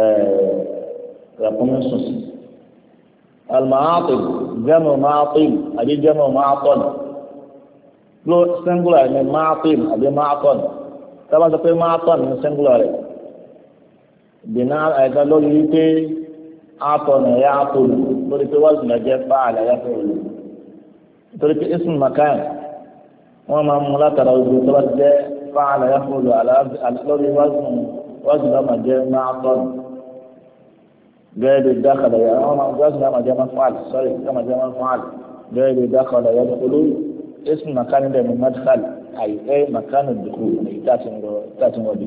ẹ̀ẹ́dẹ̀kùnrin sùn sí. المعاطب جمع معطب أدي جمع معطن لو سنجلر من معطب أدي معطن طبعا تقول معطن من سنجلر bìnnà ẹ̀dá lórí wípé àtọ̀nà ẹ̀yà àtọ̀nà lórí pé wọ́n sì lọ́jẹ́ fà á lẹ́yà fẹ́ òòlù nítorí pé ismu makan wọ́n máa mú látara ojú tó bá jẹ́ fà á lẹ́yà fẹ́ òòlù lórí wọ́n sì lọ́mọ jẹ́ máa tọ́nù gẹ́gẹ́ dákàlà yà wọ́n máa gbọ́dọ̀ náà máa jẹ́ máa fàálì sọ́rí náà máa jẹ́ máa fàálì gẹ́gẹ́ dákàlà yà lọ́kọ́lọ́ ismu makan ní madkhal àyè ẹ̀ makan ní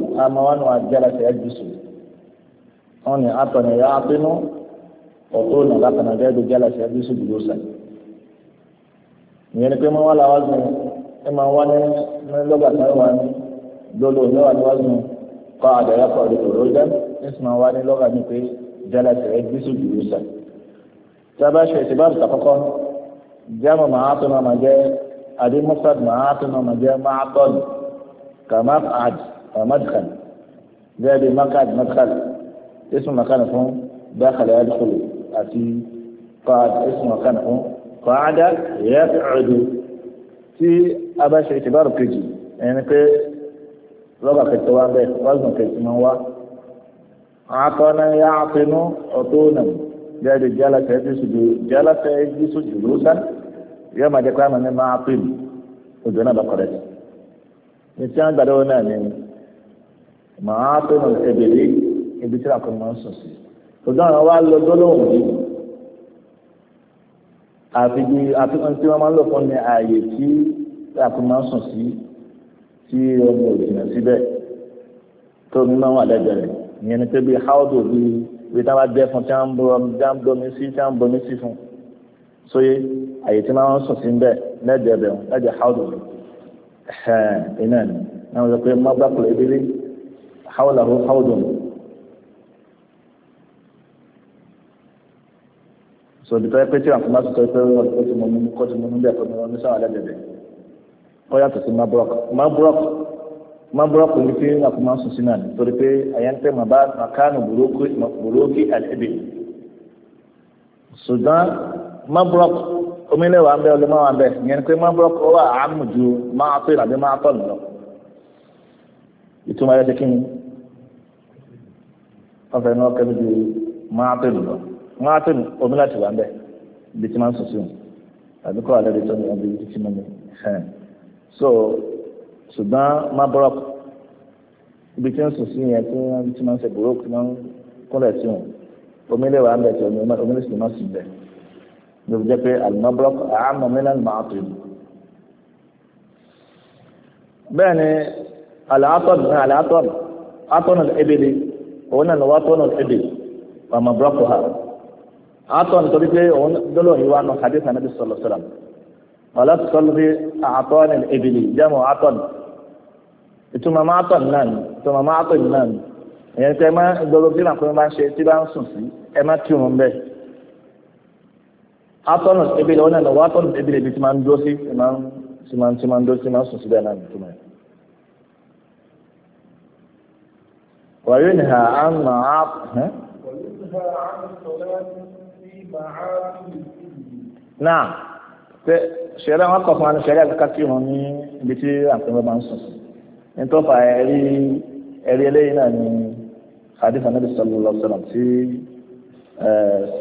ama wani wa jalasa yajlisu wani atana ya'tinu wa tuna lakana gaidu jalasa yajlisu julusan ìyẹn ni pé máa wá la wájú ẹ máa wá ní lọ́gbà táwọn wá ní lọ́lọ́ mẹ́wàá ní wájú kọ́ àdàyà kọ́ ọ̀dọ̀ òró jẹ́ ẹ sì máa wá ní lọ́gbà ní pé jalasa yajlisu julusan tí a bá ṣe ìtìbáàbù tàkọ́kọ́ jáàmù màá tó máa jẹ́ adé mustad màá tó máa jẹ́ máa tọ́lù kàmáà àdì مدخل ذلك مقعد مدخل اسم مكان فهم داخل يدخل أتي قاعد اسم مكان فهم قاعد يقعد في أباش اعتبار كجي يعني في لغة كتوا به وزن كتما هو عطنا يعطن عطونا ذلك جلس يجلس جلس يجلس جلوسا يوم ذكر من معطل ودنا بقرة إنسان بدون أن màá tó nà ẹ̀bẹ̀rẹ̀ ibi tí àkọ́ni máa ń sùn sí tòdó àwọn wa lọ gbólóhùn yìí àfi bí àfihàn tí wọ́n máa ń lò fún ni ààyè tí àkọ́ni máa ń sùn sí tí ọmọ òjìnà síbẹ̀ tó ní máa wà lẹ́gbẹ̀ẹ́ rẹ̀ ìyẹn ni pé bí háódù bí ibi táwọn jẹ́ fún tí wọ́n ń bomi sí tí wọ́n ń bomi sí fún sóyè àyè tí máa ń sùn sí ń bẹ̀ lẹ́gbẹ̀ẹ́ bẹ̀ lẹ́gbẹ̀ẹ́ háódù rẹ̀ ẹ̀hẹ́n iná wọ́n sọ pé má hawlahu hawdun sọ̀dùtọ́ ẹ pé tí àǹfààní láti sọ pé ó ti mọ mú kó ti mọ mú bẹ́ẹ̀ kó ti mọ mú sáwọn alẹ́dẹ̀dẹ̀ ó yàtọ̀ sí mabrok mabrok mabrok ní pé àkùnmá máa ń sùn sí náà torí pé àyàntẹ́ màbá màkánù bùrókì àlẹ́bẹ̀ ṣùgbọ́n mabrok omílẹ̀ wà ń bẹ́ wà ń bẹ́ ìyẹn pé mabrok ó wà àmù ju máa tó ìlàbí máa tọ̀ lọ ìtumọ̀ ayọ́ wọ́n fẹ́ ní wọ́n kẹ́lẹ́ bí máàtìnù lọ máàtìnù omi láti wà ńbẹ ibi tí máa ń sùn sí tàbí kọ́ àlẹ́ bí tọ́ni ọbẹ̀ ibi tí mo ní ẹ̀ẹ́n so ṣùgbọ́n mabrok ibi tí ń sùn sí yẹn tí wọ́n ti máa ń ṣe burúk tí wọ́n kúnlẹ̀ sí wọn omi lè wà ńbẹ tí omi lè sì máa sùn bẹ̀ ló fi jẹ́ pé alimabrok àmọ́ mílíọ̀n máàtìnù bẹ́ẹ̀ ni àlàátọ̀ ni àlàátọ̀ àtọ̀nà ebèlè òun náà wá tó ọ̀nà tẹ̀lé màmá búrọ́kù ha àtọ̀ nítorí pé òun dọ́lọ̀ yìí wá nù hadith anabi sọlọ sọlọ wàlá sọlọ bí àtọ̀ ní ebìlì jẹ́mu àtọ̀ ní ìtumọ̀ máa tọ̀ náà ní ìtumọ̀ máa tọ̀ náà ní ìyẹn tẹ́ máa gbogbo bí màkúrú máa ń ṣe tí bá ń sùn sí ẹ má kí òun bẹ́ẹ̀ àtọ̀ ní ebìlì òun náà wá tọ̀ ní ebìlì ibi tí máa ń dúró sí ti máa ń dúró sí máa ń sùn sí bẹ́ẹ̀ náà ní ìtumọ̀ yẹn. وينهى عن معاصي وينهى عن الصلاة في معاصي نعم ṣẹlẹ wọn kọ fún wa ní ṣẹlẹ àkàkà tí wọn ní ibi tí àpẹẹrẹ máa ń sùn sí nítorí ẹrí ẹrí eléyìí náà ní hadith anabi sallallahu alaihi wa sallam tí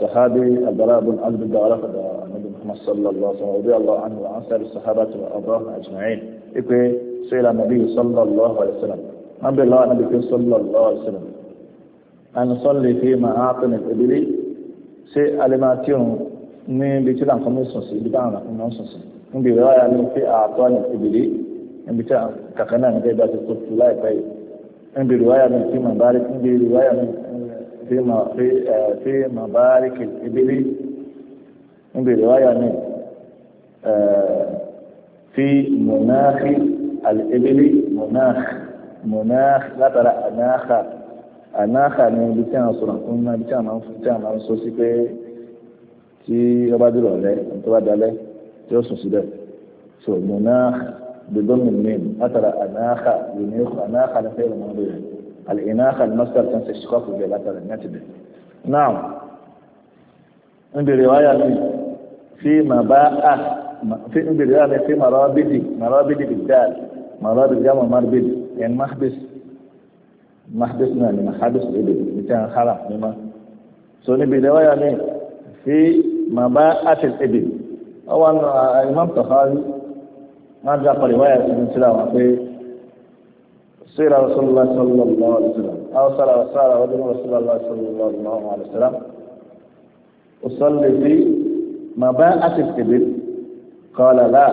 sahabi abdullah abdul abdul dawara fada anabi sallallahu alaihi wa sallam rabi allah anhu ansari sahabatu abdullah ajma'in ipe sẹlẹ anabi sallallahu alaihi wa sallam wọ́n bẹ̀rẹ̀ lọ́wọ́ níbi pé sọ́lọ̀ lọ́wọ́ sílẹ̀ àni sọ́lẹ̀ fi máa pè ní ìbílí ṣé alimatiyun ní ibi tí làǹkan mi sùn sí ibi táwọn làǹkan mi sùn sí níbi ìrẹ́wà yà ní fi àtọ́ ní ìbílí níbi tí kàkà náà níbi ìbá ti tó tu láìpẹ́ yìí níbi ìrẹ́wà yà ní fi máa bá rí níbi ìrẹ́wà yà ní fi máa bá rí ìbílí níbi ìrẹ́wà yà ní fi mùnáàkì àlè ìbílí mùnáàkì monarch látara anáhà anáhà ní ibi tí àwọn sọ̀rọ̀ fún náà ibi tí àwọn tí àwọn sọ sí pé tí ọba dúró rẹ tó bá dalẹ̀ tí ó sùn síbẹ̀ so monarch بدون الميم مثلا أناخ ينيخ أناخ على فعل ماضي الإناخ المصدر تنسى اشتقاق به مثلا نتبه نعم برواية في مباء في برواية في مرابد مرابد بالدال مرابد جمع مربد yẹn mahbis mahbis náà ni mahadis èdè níta ni, mímá so ni ìdáwáyà mi fi màbá àtẹl èdè ọwọ́ imam tafari wọn dá pàdé wáyà ìdí síra wọn pé sira Rasulullah sallallahu alaihi Wasallam. sallam aw sara sara wa dunu Rasulullah sallallahu alaihi Wasallam. sallam usalli fi mabaa atil ibil qala la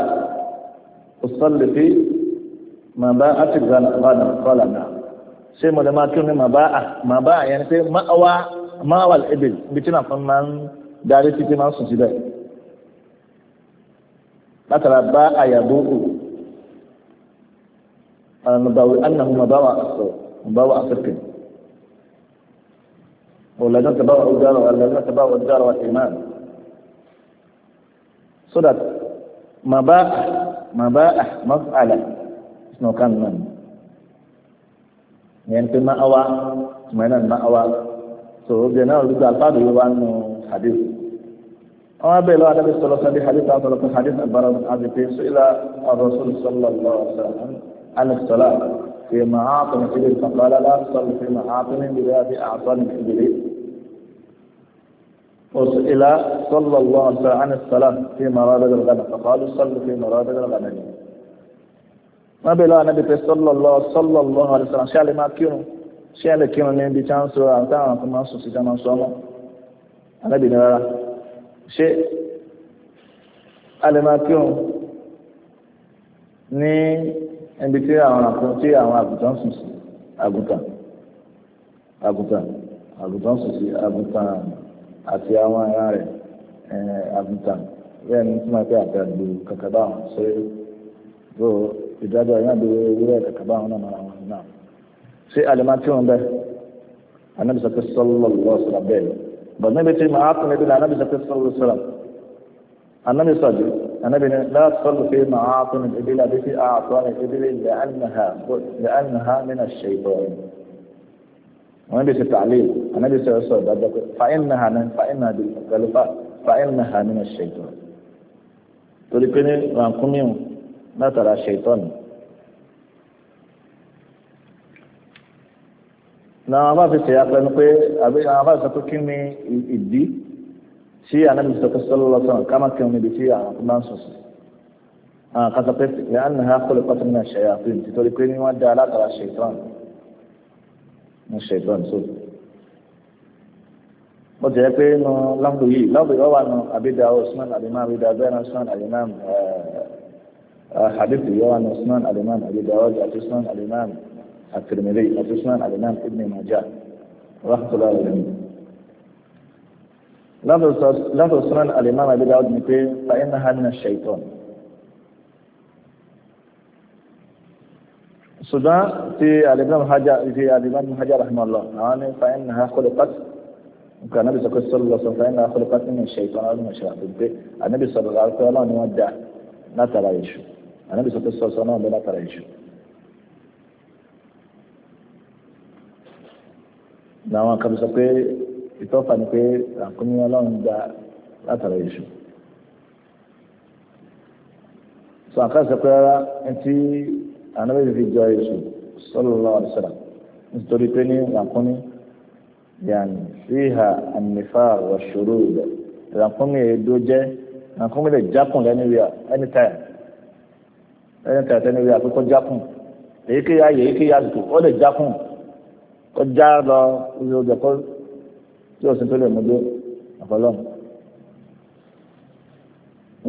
usalli fi màbá àti gbàdàgbàdà ṣé mo lè máa tún ní màbá à màbá à yẹn pé máwa máwa ẹbẹ ibi tí nàfọn máa ń darí títí máa ń sùn síbẹ̀ látara bá àyàbò ò ànàmọ̀báwé ànàmọ̀ màbá wà àṣọ màbá wà àṣọkè ọ̀làdán tàbá wà ọ̀dàrọ̀ ọ̀làdán tàbá wà ọ̀dàrọ̀ ìmáà so that màbá à màbá à sinokan man yẹn pé awa tùmọ̀ ma awa so obìnrin náà dal pa yìí wan no hadith wọn wá bẹ́ẹ̀ lọ́wọ́ adábí sọlọ sọdí hadith àwọn lo hadith àbára àti pé sọ ilà ar-rasul sallallahu alaihi wasallam salat fi ma atam fi al sílẹ̀ la lásọ̀lù fi ma máa tọ̀nà ìbílẹ̀ a'tan fi al وسئل صلى الله عليه وسلم عن الصلاة في مرابد الغنم فقالوا صلوا في مرابد الغنم wọ́n bẹ̀rẹ̀ lọ́wọ́ anábì pé sọ́lọ́lọ́ sọ́lọ́lọ́ àdìsọ́nà ṣé a lè máa kírun ṣé a lè kírun ní ibi tí a ń sọ àwọn táwọn kan máa ń sùn sí ká máa ń sọ ọmọ anábì ní rárá ṣé a lè máa kírun ní ibi tí àwọn àkùn tí àwọn àgùntàn sùn sí àgùntàn àgùntàn àgùntàn sùn sí àgùntàn àti àwọn ará rẹ̀ eh, àgùntàn bẹ́ẹ̀ ni tí wọ́n máa pẹ́ àtàgbò kàkàbà ṣe bó. ìdájọ́ yẹn bí wíwẹ́ kàkà bá wọn náà náà ṣé alimati wọn bẹ anabi sọ pé sọlọ lọ sọlọ bẹ́ẹ̀ ni bọ níbi tí màá tún níbi náà anabi sọ pé sọlọ sọlọ anabi sọjú anabi ni láti sọlọ pé màá tún níbi ìdílé àbí fi àtọ ní ìdílé ilẹ̀ ànàhà ilẹ̀ ànàhà nínú ṣe ìbọrin wọn bí ṣe tààlé anabi sọ sọ dájọ́ pé fàáyín náà ní fàáyín náà bí kàlùfà fàáyín náà nínú ṣe ìbọrin torí pé ní rànkúmíhùn látara ṣètọ́nù. náà wọn bá fi ṣe apẹnu pé àbí àwọn bá sọ pé kí ni ìdí tí anábì sọ pé sọlọ lọ sọrọ ká má kí wọn níbi tí àwọn tó máa ń sọsọ àwọn kan sọ pé ìyá àná ha kọlẹ pátá nínú àṣàyà pé nítorí pé ni wọn dá látara ṣètọ́nù ní ṣètọ́nù sóòtù wọ́n ti yẹ pé nu lámbù yìí lámbù yìí wọ́n wà nù àbídà osman àbímá àbídà bẹ́ẹ̀ náà osman àbímá آه، حديث يوان عثمان الإمام أبي داود عثمان الإمام الترمذي عثمان الإمام ابن ماجه رحمة الله عليه لفظ سنن الإمام أبي داود مثل فإنها من الشيطان سودان في الإمام حجر في الإمام حجر رحمه الله يعني فإنها خلقت وكان النبي صلى الله عليه وسلم فإنها خلقت من الشيطان والمشياطين النبي صلى الله عليه وسلم نودع لا يشوف ànábì sọ pé sọ́sọ́ náà bẹ́ẹ̀ látara iṣu. làwọn akábí sọ pé ìtọ́fà ni pé àkúnmí ọlọ́run gba látara iṣu. sọ àkáṣe pé rárá ẹtí ànábì fi jọ iṣu sallallahu alaihi wasallam nítorí pé ní àkúnmí yàní fíhà ànífà wàṣọrò rẹ̀ àkúnmí èdò jẹ́ àkúnmí lè jákùn lẹ́nu wíwá anytime ẹni tẹ̀lé tẹ́lẹ̀ wí àkókò jákùn èyíkéyà ayé èyíkéyà àsìkò ó lè jákùn ó já lọ ibi ọjọ́ kó tí o sì tó lè mú dé ọ̀pọ̀lọ́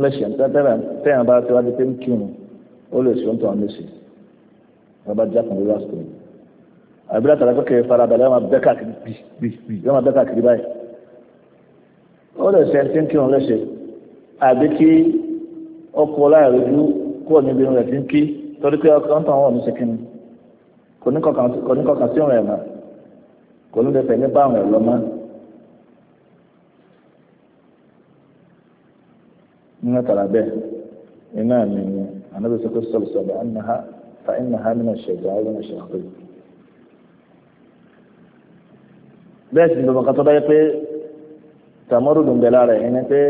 lẹ́sẹ̀ tẹ́tẹ́rẹ́ tẹ́yàn bá ti wá di pé ń kírun ó lè sọ́ńtò àwọn lẹ́sẹ̀ bàbá jákùn lórí àsìkò yìí àbílẹ̀ tàbí kékeré farabalẹ̀ ọmọ bẹ́ẹ̀ káàkiri bí bí bí ọmọ bẹ́ẹ̀ káàkiri báyìí ó lè sẹ́ńtì ń kírun lẹ́sẹ̀ àbí kí ọkọ̀ láì rojú kúrò níbi irun rẹ̀ ti ń kí torí pé ọkàn tó àwọn oníṣe kínní kò ní kọkàn sí òun ẹ̀ mọ́ kò ní lẹ́sẹ̀ nípa àwọn ẹ̀ lọ mọ́. nínú tàrà bẹ́ẹ̀ iná mi ni ànábi sọ pé sọ̀rọ̀ sọ̀rọ̀ fa ìnáhà nínú ṣẹ̀dá àwọn ìṣẹ̀kùn. bẹ́ẹ̀ sì ni bàbá kan tó dáyé pé tàmọ́rù dùn bẹ̀ lára ẹ̀ ní pé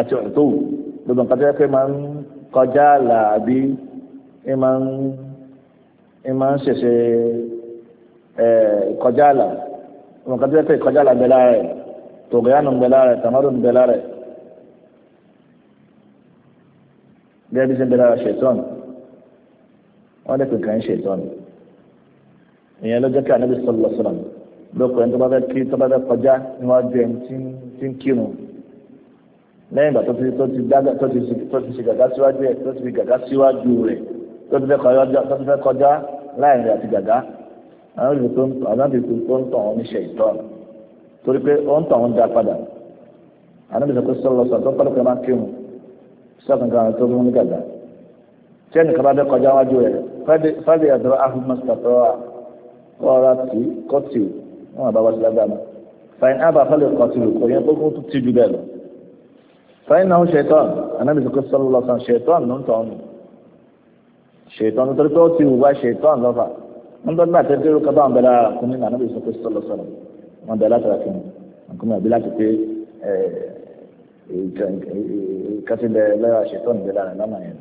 àti ọ̀tọ̀ bàbá kan tó dáyé pé máa ń kọjá àlà àbí ẹ máa ń ẹ máa ń ṣẹ̀ṣẹ̀ ẹ kọjá àlà ọmọkà tó yẹ pé kọjá àlà bẹ́ẹ̀ lára rẹ̀ tògìyànù bẹ́ẹ̀ lára rẹ̀ tàmádùn bẹ́ẹ̀ rẹ̀ bí ẹbí ṣe bẹ́ẹ̀ lára ṣètọ́nù wọ́n lè pè kàn ń ìyẹn ló jẹ́ kí ànábì sallallahu alaihi wasallam lóko ẹni tó bá fẹ́ kí tó bá fẹ́ kọjá níwájú ẹni tí ń kírun lẹ́yìn ìgbà tó ti tó ti dága tó ti tó ti ṣe gàgá síwájú ẹ̀ tó ti fi gàgá síwájú rẹ̀ tó ti fẹ́ kọjá tó ti fẹ́ kọjá láàrin rẹ̀ àti gàgá àwọn ìlú tó ń tọ̀ àwọn ìlú tó ń tọ̀ wọn ní ṣe ìtọ́ torí pé ó ń tọ̀ wọn dá padà àwọn ìlú tó sọ̀rọ̀ sọ̀rọ̀ tó pẹ́lú pé máa kírun sọ̀kan kan tó mú ní gàgá tí ẹnì kan bá fẹ́ kọjá wájú rẹ̀ fẹ́ẹ́dì àdúrà ahùnmọ́sítàtọ́ fẹ́yìn náà ṣetán anábì sọ pé sọlọ́lọ́ san ṣetán ló ń tọ́ ọ́nù ṣetán nítorí pé ó ti wùwá ṣetán lọ́fà wọ́n tó gbà tẹ́tẹ́ rú kábàámu bẹ̀rẹ̀ ara kún nínú anábì sọ pé sọlọ́ sọlọ́ wọn bẹ̀rẹ̀ látara kí ni àkúnmí àbí láti pé kásì bẹ̀rẹ̀ lọ́wọ́ ṣetán bẹ̀rẹ̀ ara lọ́mọ yẹn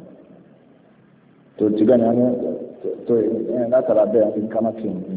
tó ti bẹ́ẹ̀ ni wọ́n ní látara bẹ́ẹ̀ wọ́n fi ń kámá kí ni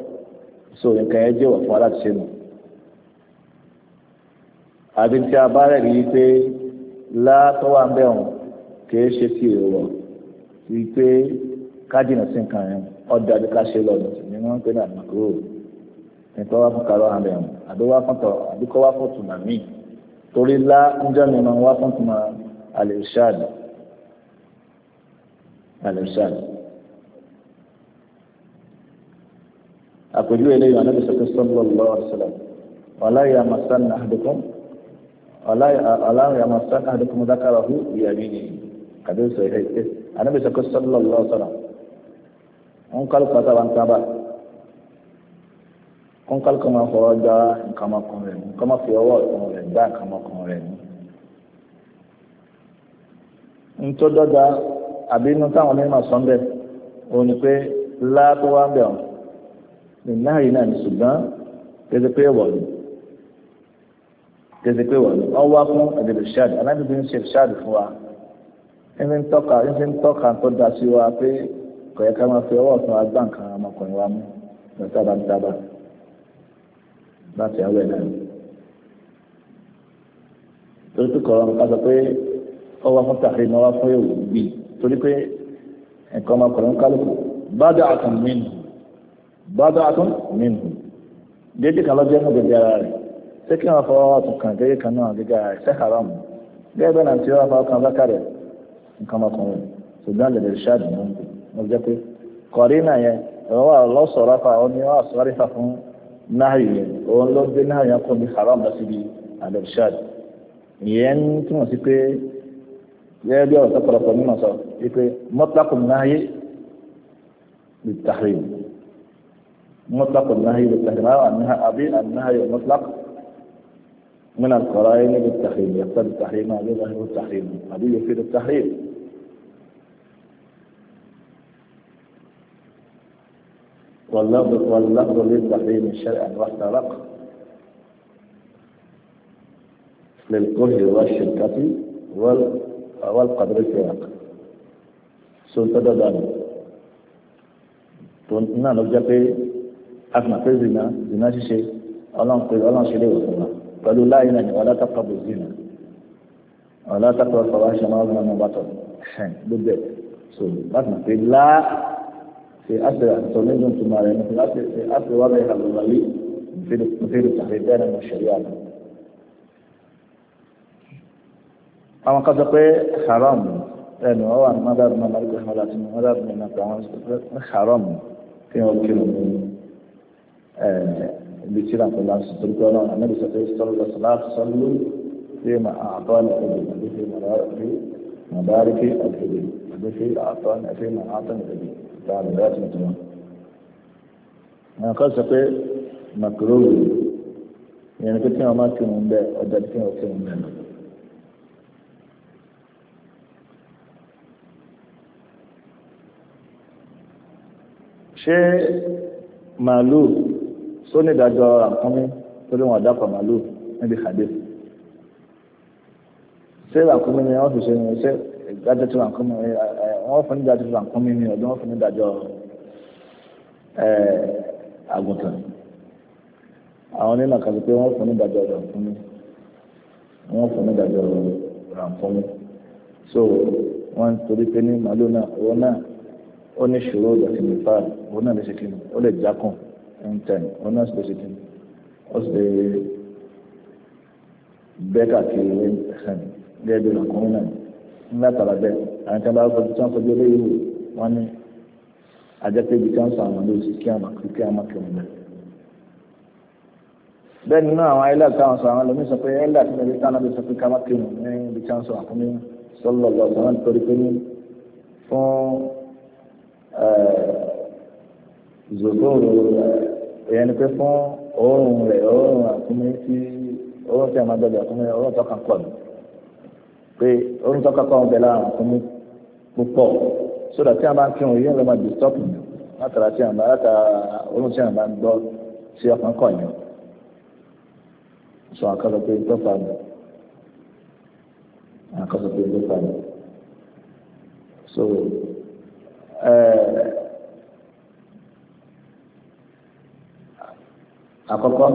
so nǹkan yẹn jẹ́ wà fún aláṣẹ nù àbí tí a bá rẹ̀ rí i pé látọ́ wà ń bẹ̀ hàn kìí ṣe ti èrò rí i pé kájìnà sí nǹkan yẹn ọ̀dọ̀ àbí ká ṣe lọ́nà ní wọ́n ń pè ní àmàkúrò nípa wá fún kárọ̀ àmì ọ̀hún àbí wá fún tọ̀ àbí kọ́ wá fún tùmà míì torí lá ń jẹ́ mi máa wá fún tùmà àlè ṣáàdì àpèjú eléyìí anábì sọ pé sallallahu alaihi wasallam wala yamassanna ahadukum wala yamassanna ahadukum dhakarahu bi yaminihi kàdé sọ yìí ẹ anábì sọ pé sallallahu alaihi wasallam ń kálù pátá wa ń tábà ń kálù kọ́ máa fọwọ́ gbá nǹkan ọmọkùnrin rẹ̀ mú kọ́ máa fi ọwọ́ ọ̀tún rẹ̀ gbá nǹkan ọmọkùnrin ni pé láàtọ́ ní láàyè náà ní ṣùgbọ́n kẹsẹ̀ pé wọ̀ ni kẹsẹ̀ pé wọ̀ ni wọ́n wá fún ẹ̀dẹ̀dẹ̀ ṣáàdì alábìbí ń ṣe ṣáàdì fún wa ẹni ń tọ́ka ẹni ń tọ́ka tó da sí wa pé kò yẹ ká máa fi ọwọ́ ọ̀tún agbá nǹkan ọmọkùnrin wa mú lọ́tàbà nítàbà láti awẹ́ náà torí pé kọ̀ọ̀rọ̀ mi ká sọ pé ọwọ́ fún tàfé ni wọ́n wá fún èèwù bíi torí pé nǹkan ọmọkùnrin kálukú bá dà àtàmínú bọ́dọ̀ àtún mímu déédéé kan lọ́jọ́ fún gẹ́gẹ́ ara rẹ̀ ṣé kí wọ́n fọwọ́ ọ̀tún kan déédéé kan náà gẹ́gẹ́ ara rẹ̀ ṣé haram gẹ́gẹ́ bẹ́ẹ̀ náà tí wọ́n fọwọ́ kan bákà rẹ̀ nǹkan ọmọkùnrin ṣùgbọ́n lè lè ṣáàdì mú mo jẹ́ pé kọ̀rí náà yẹn ẹ̀rọ wà lọ́sọ̀rọ̀ fa ọ ní wọ́n àsọ̀rọ̀ fa fún náà yẹn òun ló gbé náà yẹn kò ní haram lọ síbi àlè ṣáàdì ìyẹn túmọ̀ مطلق النهي بالتحريم أنها أبي النهي المطلق من القرائن بالتحريم يقتضي التحريم أبي ظاهر التحريم أبي يفيد التحريم واللفظ واللفظ للتحريم شرعا واحترق للكره والشركة وال والقدر الفرق سلطة دادان نانو نعم، جاكي asùnà pé zina zina ṣíṣe ọlọ́run pé ọlọ́run ṣe lè wò fún wa pẹ̀lú láyé náà ni wàlá tàpá bò zina wàlá tàpá bò wá ṣe máa ń wọn bá tọ̀ ṣẹ́yìn gbogbo ẹ̀ so asùnà pé lá ṣe àṣẹ àtọ̀ nínú ìtumọ̀ rẹ̀ ní ṣe àṣẹ wà bẹ́ẹ̀ àlùbọ̀ yìí nfẹ́rù tàbí bẹ́ẹ̀ nínú ṣẹ̀ríà lọ. àwọn kan sọ pé haram ẹnu ọwọ́ àwọn mọ́dàrú بسيرة الله سبحانه وتعالى النبي صلى الله عليه وسلم صلوا فيما أعطانا أجل في مبارك الحدود في أعطانا فيما أعطانا الحدود تعالى ذات متمام أنا قال سقي مكروه يعني كنت ما كنت من ده أدرك كنت من ده شيء معلوم só ní ìdájọ́ àkúnmí torí wọn àdàpọ̀ màálù níbi hadith ṣé àkúnmí ni wọ́n fi ṣe ní ìdájọ́ tí àkúnmí wọ́n fún ní ìdájọ́ tí àkúnmí ni ọ̀dọ́ wọ́n fún ní ìdájọ́ àgùntàn àwọn onímọ̀ kan sọ pé wọ́n fún ní ìdájọ́ àkúnmí wọ́n fún ní ìdájọ́ àkúnmí so wọ́n torí pé ní màálù náà òun náà ó ní ṣòro ìgbà tí mo fà òun náà lè ṣe kí ni ó lè jákùn in time òun náà sì lè ṣe kí ó sì lè bẹ́ káàkiri ẹ̀hìn gẹ́gẹ́ bí ọkùnrin náà ńlá tààrà bẹ́ẹ̀ àwọn kan bá fojú tí wọ́n fojú olóyè wò wọ́n ní ajẹ́pẹ́ ibi tí wọ́n sọ àwọn olóòsì kí àwọn kí kí àwọn kìrìn náà. bẹ́ẹ̀ nínú àwọn ayélujára táwọn sọ àwọn ẹlòmíín sọ pé ayélujára tí wọ́n táwọn sọ pé káwọn kìrìn ní ibi tí wọ́n pé ní fún zòzòrò èèyàn ni pé fún òórùn rẹ̀ òórùn àkúnmí tí òórùn tí a máa gbẹ̀gbẹ̀ àkúnmí rẹ̀ òórùn tọ́ka kọ̀ ní pé òórùn tọ́ka kọ̀ ń bẹ láàrùn àkúnmí púpọ̀ sódà tí a bá ń kírun yìí ló máa disturb mi látara tí a bá látara òórùn tí a bá ń gbọ́ sí ọkàn kọ̀ ní sọ àkọsọ pé tó fa mi àkọsọ pé tó fa mi so ẹ̀ẹ́. àkọ́kọ́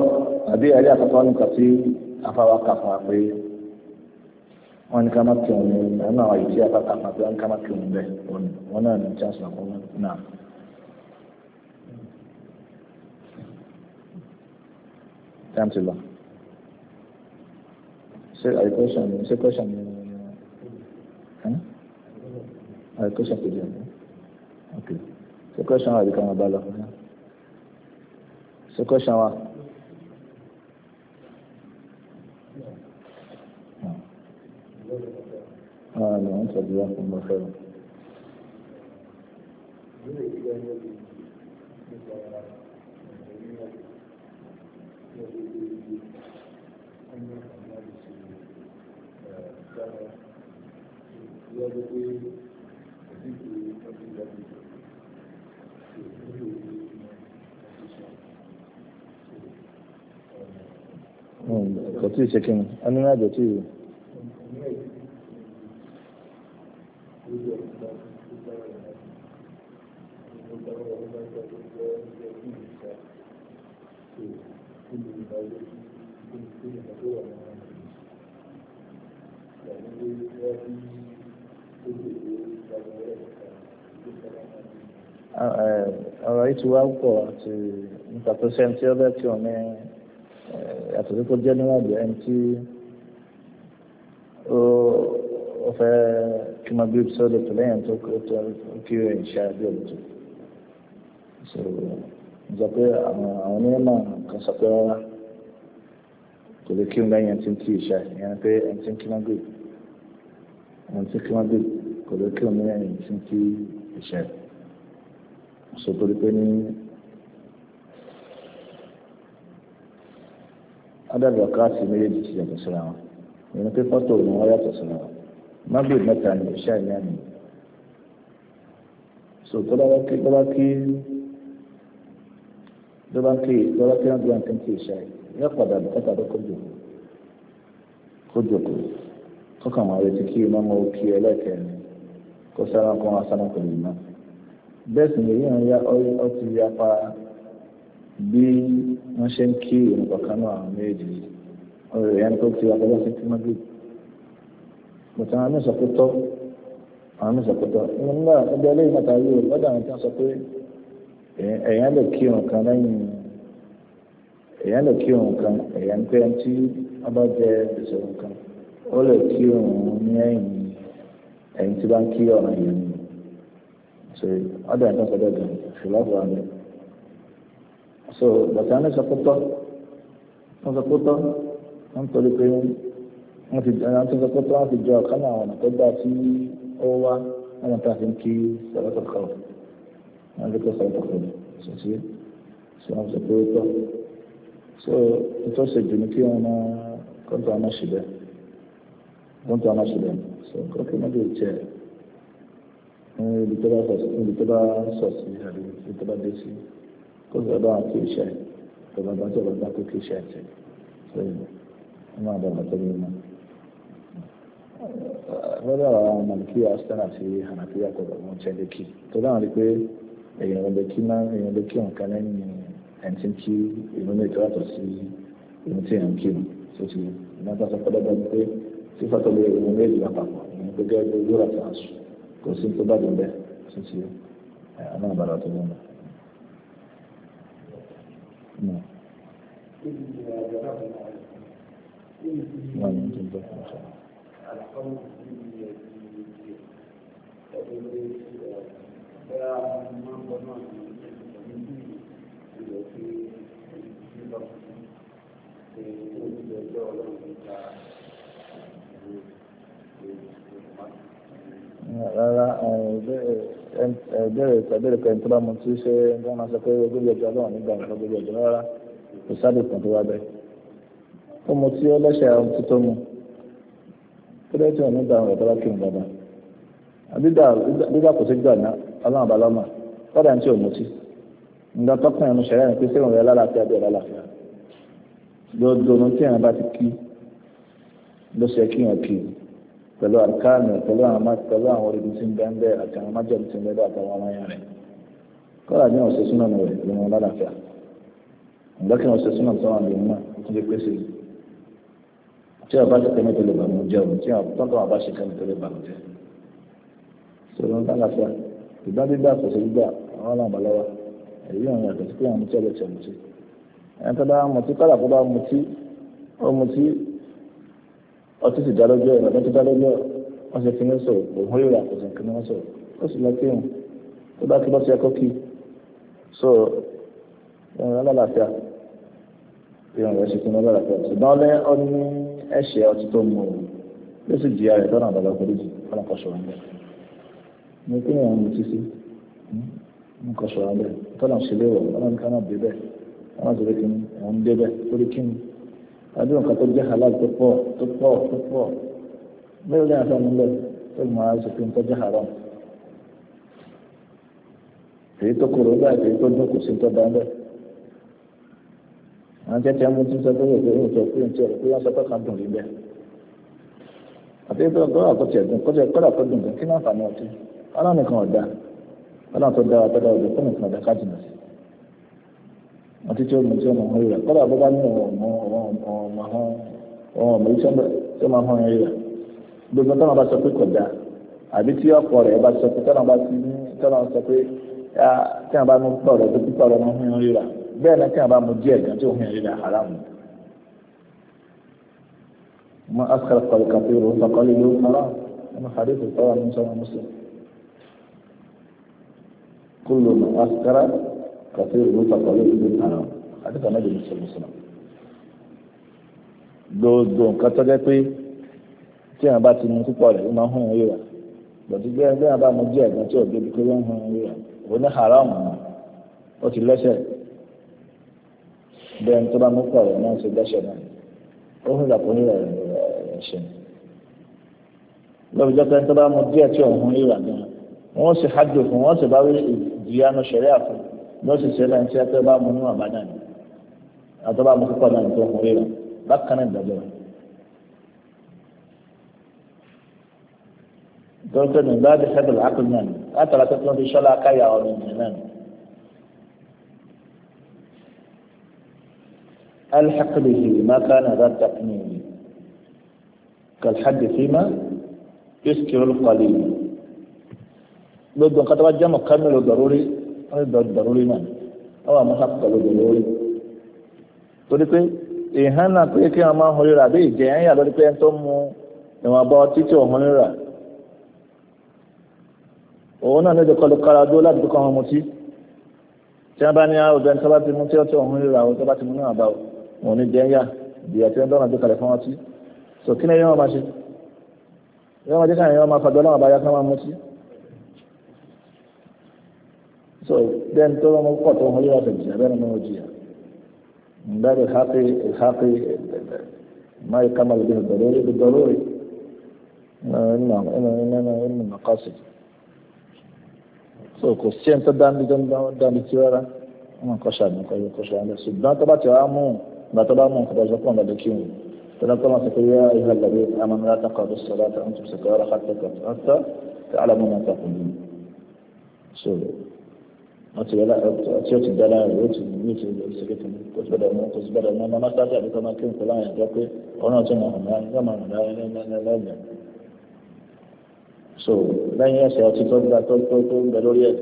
àbí ẹ̀rí àkọ́kọ́ nípa tí afáwa kà fún wa pé wọ́n ní ká má kí òun ní ẹ̀rọ àwọn àyè tí afá kà fún wa pé wọ́n ní ká má kí òun bẹ́ẹ̀ wọ́n náà ní chance náà fún náà. time to learn. Say a question, say question. Huh? Hm? A question to them. Okay. Say question wa di kan ba lo. Say question wa. جزاكم الله خيرا kò tí ì ṣe kí ẹni náà jẹ tí ì. ti wá pọ̀ àti nípa tó ṣe ẹni tí ó bẹ́ẹ̀ tí wọ́n ní yàtọ̀ eh, sí kó jẹ́ níwájú ẹni tí ó fẹ́ kí wọ́n bí sọ́dọ̀ tó lẹ́yìn tó kí rẹ̀ ń ṣe àbíọ̀ lọ́tọ̀ so jọ pé àwọn onímọ̀ kan sọ pé rárá kò lè kí n lẹ́yìn ẹni tí ń kí ìṣá ìyẹn pé ẹni tí ń kí wọ́n gbé ẹni tí ń kí wọ́n gbé kò lè kí n lẹ́yìn ẹni tí ń kí ìṣá ìṣá sotori pé ní adájọ́ wákàtí méjèèjì ti yàtọ̀ síra wọn ìrìn pé fọ́tò ni wọ́n yàtọ̀ síra wọn mágbè mẹ́ta ni ìṣe àìyá mi so tó bá kí tó bá kí tó bá kí tó bá kí náà tó kí ìṣe yẹ padà bùkátà tó kó jòkó kó jòkó kó retí kí iná mọ́ kí ẹlẹ́kẹ̀ẹ́ kó sára kó wọn sára pẹ̀lú iná. bẹ́ẹ̀ ni eyi àwọn ya ọtí ya pa bí wọ́n ṣe ń kí ìrìnkọ̀kan náà àwọn méjì ọ̀rọ̀ ìyá ni kò ti àkọ́jọ́ sí kímọ́gì bàtà àwọn mẹ́sàn kó tọ́ àwọn mẹ́sàn kó tọ́ nígbà ọjọ́ ilé ìgbàta yìí ó lọ́dọ̀ àwọn tí wọ́n sọ pé ẹ̀yàn lè kí lẹ́yìn lè kí pé ẹni tí wọ́n bá jẹ ìṣòro kan ó lè kí ní ẹ̀yìn ẹ̀yìn tí bá ń kí so ọdọ ẹ̀ka sọdọ gan ṣùlọ́fù wa ni so bàtà ní sọpọtọ wọn sọpọtọ wọn torí pé wọn ti wọn ti sọpọtọ wọn ti jọ ọ̀kan náà wọn tó gbà tí ó wá wọn ta fi ń kí sọlọtọ kọlọ wọn lè kó sọlọtọ kọlọ so sí so wọn sọpọtọ so ìtọ́sẹ̀ jù ní kí wọn máa kọ́ńtà wọn máa ṣe bẹ́ẹ̀ kọ́ńtà wọn máa ṣe bẹ́ẹ̀ so kọ́ńtà wọn máa ṣe bẹ́ẹ̀ níbi tó bá sọ sí níbi tó bá sọ sí àbí níbi tó bá dé sí kó tó bá kí iṣẹ́ tó bá bá tó bá bá kó kí iṣẹ́ àti sẹ́yìn wọn máa bá bàtọ́ ní ìmọ̀. wọ́n dára màlìkí astan àti hànàfi àkọ́kọ́ wọn tẹ́ lẹ́kì tó dáhùn rí pé èèyàn lẹ́kì máa èèyàn lẹ́kì ọ̀nkà lẹ́yìn ẹ̀ǹtí kí ìlú ní ìtura tó sí ìlú tí èèyàn kí tó ti ní wọ́n bá sọ kò sí tó bá dùn bẹ́ẹ̀ sísè ọ̀nà àbàlà tó Wọ́n yóò Thank you. rárá ẹ̀ẹ́dẹ́rẹ̀ ìpàdére kan tó bá mu tí ṣe wọ́n máa sọ pé ogójì ọjọ́ ọlọ́run nígbà nǹkan ogójì ọjọ́ rárá kò sábì kan tó wá bẹ́ẹ̀. ó mu tí ó lẹ́sẹ̀ àwọn tí tó mu tó dẹ́tí òun nígbà àwọn ọ̀dọ́rà kí n bàbá. dídà kò sí gbà ná ọlọ́run bá lọ́mà kọ́dà ní tí ò mu tí. nga tọ́kàn ẹnu ṣẹlẹ̀ ní pé sẹ́wọ̀n rẹ̀ lálàáfíà bí ọ̀dà láfíà. gbogbo ohun tí èèyàn bá ti kí ló ṣe kí èèyàn kí pẹ̀lú àkáàmì pẹ̀lú àwọn àwọn àtàwọn ọmọ yẹn rẹ̀ kọ́lá ní ọ̀sẹ̀ rẹ̀ ọ̀sẹ̀ ọba ti tẹ́lẹ̀ tẹ́lẹ̀ bàmú jẹ́ òun tí tọ́tọ̀ ọba ṣe tẹ́lẹ̀ tẹ́lẹ̀ bàmú jẹ́ sọ̀rọ̀ lálàáfíà ìgbà gbígbà àkọsẹ̀ gbígbà àwọn aláàbàlọ́wà èyí àwọn ọtí ti dálójú ẹ̀ lọ́dún tó dálójú ẹ̀ wọ́n ṣe kíní sọ̀rọ̀ òun rírà kò sì kíní wọ́n sọ̀rọ̀ ó sì lọ kí òun tó bá kí bọ́ sí ẹkọ́ kí so ìrìn ọlọ́láfíà ìrìn rẹ̀ ṣe kíní ọlọ́láfíà ṣùgbọ́n ọlẹ́ ọ ní ẹ̀ṣẹ̀ ọtí tó mú un ló sì jìyà rẹ̀ tọ́nà bàbá kò lójì ọ̀nà kọ̀ṣọ̀ wọn bẹ́ẹ̀ ni kí èèyàn mú títí ń hmm? kọ̀ṣọ̀ wọn bẹ́ẹ̀ tọ́nà ṣe léwọ̀ ọlọ́run ká náà dé bẹ́ẹ̀ wọ́n adúlọ̀ nǹkan tó jẹ́ halal tó pọ̀ tó pọ̀ tó pọ̀ bẹ́ẹ̀ ni àtọ́ mi lẹ̀ tó mọ aṣọ pé nǹkan jẹ́ haram èyí tó kúrò ó báyìí èyí tó dún kò sí tó dá bẹ́ẹ̀ àwọn tẹ́tẹ́ mú tí ń sọ pé òkè òun sọ pé òun pé wọ́n sọ pé kan dùn níbẹ̀ àti pé kọ́dà kó tiẹ̀ dùn kọ́dà kọ́dà kó dùn kí náà fà ní ọtí ọlọ́run nìkan ọ̀dà ọlọ́run tó dára tó dára òdòkó àti tí ó mú tí ó máa hàn rírà kọ́dà bó bá ní ọmọ ọmọ ọmọ ọmọ iṣẹ́ tí ó máa hàn rírà gbogbo tọ́nà bá sọ pé kò dáa àbí tí ọkọ rẹ̀ bá sọ pé tọ́nà bá ti ní tọ́nà sọ pé tí a bá mú pọ̀ rẹ̀ tó pípa rẹ̀ máa hàn rírà bẹ́ẹ̀ náà tí a bá mú díẹ̀ gan tó hàn rírà haram. mo askara kọlu kàfé ro sọkọlẹ ló haram ẹnu hadith sọ̀rọ̀ ní sọ̀rọ̀ mùsùlùm kúlù kafin rufa pẹ̀lú ìlú àná àti kàmá ìdè mùsùlùmùsùlùmù. gbogbo nǹkan tó jẹ́ pé tí àwọn bá ti mú púpọ̀ rẹ̀ ó máa ń hàn yìí rà gbọ̀dọ̀ bí ẹgbẹ́ àwọn bá mú díẹ̀ gan tí òbí pé wọ́n ń hàn yìí rà òun ní haram ó ti lẹ́sẹ̀ bẹ́ẹ̀ ni tó bá mú púpọ̀ rẹ̀ náà ṣe lẹ́sẹ̀ náà ó hùn ìdàpọ̀ yìí rẹ̀ ẹ̀ṣẹ̀ lọ́bi jẹ́ tó bá mú díẹ̀ tí òun hàn yìí rà gan wọ́n sì hájò fún wọ́n sì bá rí ìdíyanu ṣẹ̀ríà fún lọ́sì sẹ́lá tí a ẹgbẹ́ bá mu níwọ̀n bá náà ni àti bá mu púpọ̀ náà tó ń rírà bákan náà ìdájọ́ rẹ̀. dọ́kítọ̀ ní bá dé sẹ́dọ̀ lákùn náà ni látara tó tó ń fi sọ́lá káyà ọ̀rọ̀ ìyẹn náà ni. الحق به ما كان ذا التقنين كالحد فيما يسكر القليل ضد قد وجه مكمل ضروري wọ́n dọ̀ dọ̀rọ̀ náà wọ́n wà mọ́sá pẹ̀lú dọ̀rọ̀ orí. torí pé ìhán náà pé kí wọ́n máa ń horira bí ìjẹ́ ẹ̀yìn àlọ́ pé ẹni tó mu ìwọ̀n bọ́ títí òhun rírà òun náà lóde kọlu kára dúró láti dúkọ́ ọmọ mutí tí wọ́n bá ní ọ̀dọ̀ ẹni tó bá ti mú tí ó ti òhun rírà ó tó bá ti mú náà bá òun ní jẹ́ yá ìdíyà tí wọ́n dọ́nà gbé fún ọtí sòkínà yẹn wọ́n máa ṣe yọ́n máa jẹ́ káyọ̀ máa fàdọ́ so then to mo ko to mo yo ta ji ben mo ji da da haqi haqi ما يكمل به الضروري بالضروري إنه إنه إنه إنه مقاصد so kò sí ẹni tó dá ní dá ní tí rárá wọn kọ ṣàdùn kọ yóò kọ ṣàdùn lọ ṣùgbọ́n tó bá ti wá mú ìgbà tó bá mú nǹkan bọ́sọ̀ pọ̀ lọ́dọ̀ kí wọn tó lọ́kọ́ máa sọ pé yá ìhà lọ́dọ̀ amánúlá takọ̀ ọdún sọ̀rọ̀ àtàwọn tó sọ̀rọ̀ àtàwọn tó sọ̀rọ̀ àtàwọn tó sọ̀rọ̀ àtàwọn tó sọ̀rọ̀ àtàwọn tó sọ̀rọ̀ wọ́n ti wọlé ọtí ti dára ti ní ti kékeré ní kò sí gbọdọ̀ kò sí gbọdọ̀ mọ́ ọmọ mọ́tàdé àbí kọ́mọ kí n kò láyìn ẹ̀jọ́ pé ọ̀rọ̀ tí mo hàn láyìn yóò máa hàn láyìn lẹ́lẹ́lẹ́lẹ́ so lẹ́yìn ẹ̀sẹ̀ ọtí tó gbà tó tó tó gbẹ lórí ẹ̀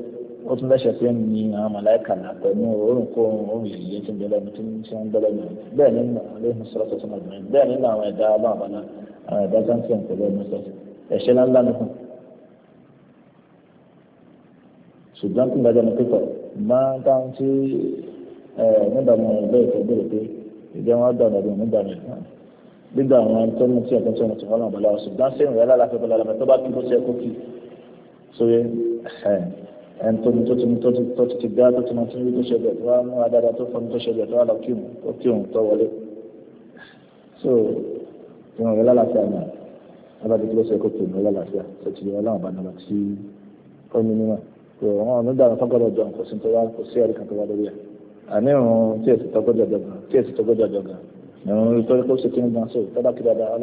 ó tún lẹ́sẹ̀ pé ní àwọn màláìkà náà pẹ̀lú òórùn kó òórùn yìí ti ń bẹ lẹ́nu tí ń bẹ lẹ́nu bẹ́ẹ̀ ni àwọn ọlọ́run àwọn tó ń tẹ̀ ṣùgbọ́n tí ìgbàjọ́ mi pípọ̀ máa ń dáhùn tí nígbà mi rìn bẹ́ẹ̀ tó béèrè pé ìjẹ́ wọn dà ọ̀nà nígbà mi rìn gbígbà àwọn tó mú tí ọ̀tọ̀ tí wọn ti fọ́nà bọ̀lá ṣùgbọ́n sí ìrìn aláfẹ́ bọ̀lá lọ́mọ tó bá kí kó ṣe kó kí sóye ẹn tó tó ti tó ti tó ti ti gbá tó ti máa ti rí tó ṣe bẹ̀ tó wá mú adára tó fọ́n tó ṣe bẹ̀ tó wá lọ kí òun tó wọlé so ìrìn ìrìn aláfẹ́ àná alábàdí tó ṣe kó kí ìrìn aláfẹ́ tó ti rí ọlọ́run wọn ní dáná tọ́gọ́dọ̀ jọ kò sí tọ́wá kò sí ẹ̀rí kan tó wá lórí ẹ̀ àní òun tí èsì tọ́gọ́dọ̀ jọ gan tí èsì tọ́gọ́dọ̀ jọ gan ìrún ìtọ́jú kó ṣe kíni gan so tọ́ba kí dáadáa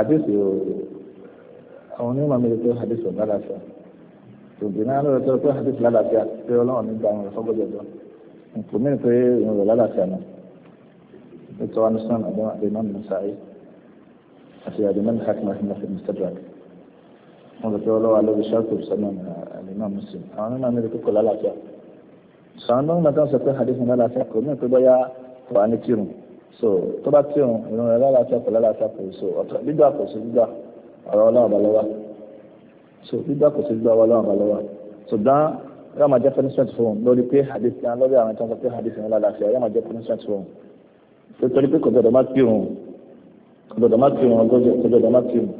hadisi o àwọn onímọ̀ mi pé hadisi ò lálàáfíà tòbí náà lọ́dọ̀ tó pé hadisi lálàáfíà pé ọlọ́run nígbà àwọn ọ̀rọ̀ fọ́gbọ́jọ́jọ́ nkò mí pé ìrìn rẹ̀ lálàáfíà náà nítorí wọn sọ àdé àdémọ́ mi sáyé àti àdémọ́ mi hàkìmọ́ àti mọ́fẹ́ mr drag wọn lọ́dọ̀ ọlọ́wọ́ alóbi ṣáàkù sọ́nà àdémọ́ mi sí àwọn onímọ̀ mi pé kò lálàáfíà sọ̀rọ̀ náà so tó bá tí òun ìrun rẹ̀ lálàáfíà kò lálàáfíà kò so ọ̀tọ̀ gbígbà kò sí gbígbà ọ̀rọ̀ ọlọ́run balọ́wà so gbígbà kò sí gbígbà ọlọ́run balọ́wà ṣùgbọ́n yóò máa jẹ́ punishment fún un lórí pé hadith náà lórí àwọn ìtàn sọ pé hadith náà lálàáfíà yóò máa jẹ́ punishment fún un nítorí pé kò gbọdọ̀ má kí òun kò gbọdọ̀ má kí òun kò gbọdọ̀ má kí òun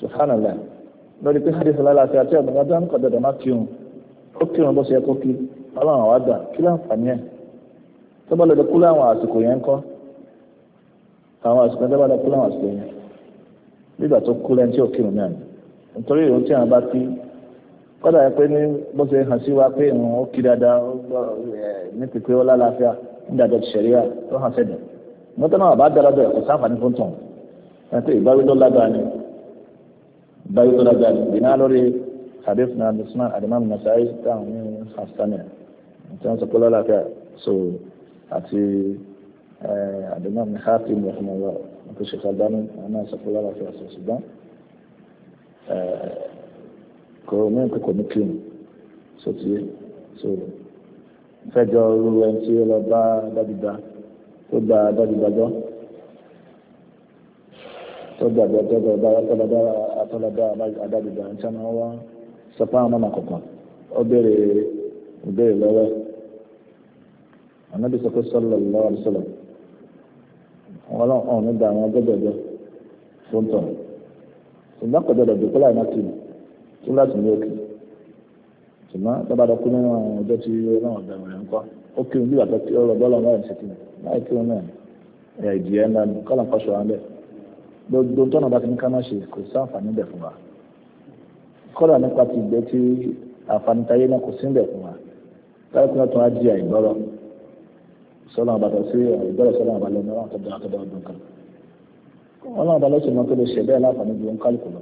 subhanallah lórí pé hadith lálàáfíà tí ọ̀gbọ̀n kò gbọdọ̀ má kí òun ó kí òun bó ṣe yẹ kó kí ọlọ́run àwádà kí láǹfààní ẹ̀ tó bá lọ́dọ̀ kúrò àwọn àsìkò yẹn ń kọ́ àwọn àsìkò yẹn tó bá lọ́dọ̀ kúrò àwọn àsìkò yẹn nígbà tó kú lẹ́ni tí ò kírun náà nítorí ìròyìn tí àwọn bá kí kọ́dà yẹn pé ní bó ṣe hàn sí wa pé ìrùn ó kí dáadáa ní pípé ó lálàáfíà ní dàjọ́ ti ṣẹ̀ríà tó hàn sẹ́dẹ̀ mọ́tò náà bá dára bẹ́ẹ̀ kò sáfà ní fún tàn ẹ̀ pé ìbáwí ló lágbára ni ìbáwí ló lágbára ni bìnnà lórí hadith na adisman adimam nasaayi táwọn ní hasanẹ tí wọ́n sọ pé lọ́làáfíà so àti àdínà ní hápì ní ọ̀fun ọ̀rọ̀ àti ṣèkàdánù àná ìṣàkóyà àti àṣà ṣùgbọ́n kò ní nǹkan kò ní kíni sọtí so fẹjọ ru ẹni tí ó lọ bá dábìgbà tó gba dábìgbà jọ tó gbàgbọ́ tó gbàgbọ́ atọ́lọ́dá atọ́lọ́dá adábìgbà ẹni tí wọ́n wá sọ ọmọ kọ̀ọ̀kan ó béèrè ìbéèrè lọ́wọ́ ànábì sọ pé sọlọ lọ́wọ́ àdìsọ́lọ̀ àwọn ọlọ́run ọ̀hún da àwọn ọgọ́dọ̀dọ̀ tó ń tọ̀ ṣùgbọ́n kọ̀dọ̀dọ̀ dùkú láì má tì tún láti ní òkè ṣùgbọ́n tọ́ba dọ̀kú nínú àwọn ọjọ́ tí ọlọ́run ọ̀dà rẹ̀ ń kọ́ ó kírun bí ìgbà tí ọ̀rọ̀ bọ́ọ̀lù ọ̀rọ̀ ṣe kírun láì kírun náà ẹ̀yà ìdìyẹ ńlá ni kọ́lọ̀ ń kọ́ ṣọ́ra bẹ́ẹ̀ gbogbo tọ́nà bá ti ní ká má ṣe kò sí àǹfààní bẹ̀ fún wa kọ́lọ̀ nípa ti ìgbẹ́ tí àǹfààní táyé náà kò sí bẹ̀ fún wa láì kí wọ́n tún á di àìgbọ́rọ̀ sọ́lá àbàtà sí àìgbọ́rọ̀ sọ́lá àbàlẹ̀ náà tó dáa tó dáa ọdún kan ọlọ́run àbàlẹ̀ sì máa tó lè ṣe bẹ́ẹ̀ láǹfààní ju oníkálùkù lọ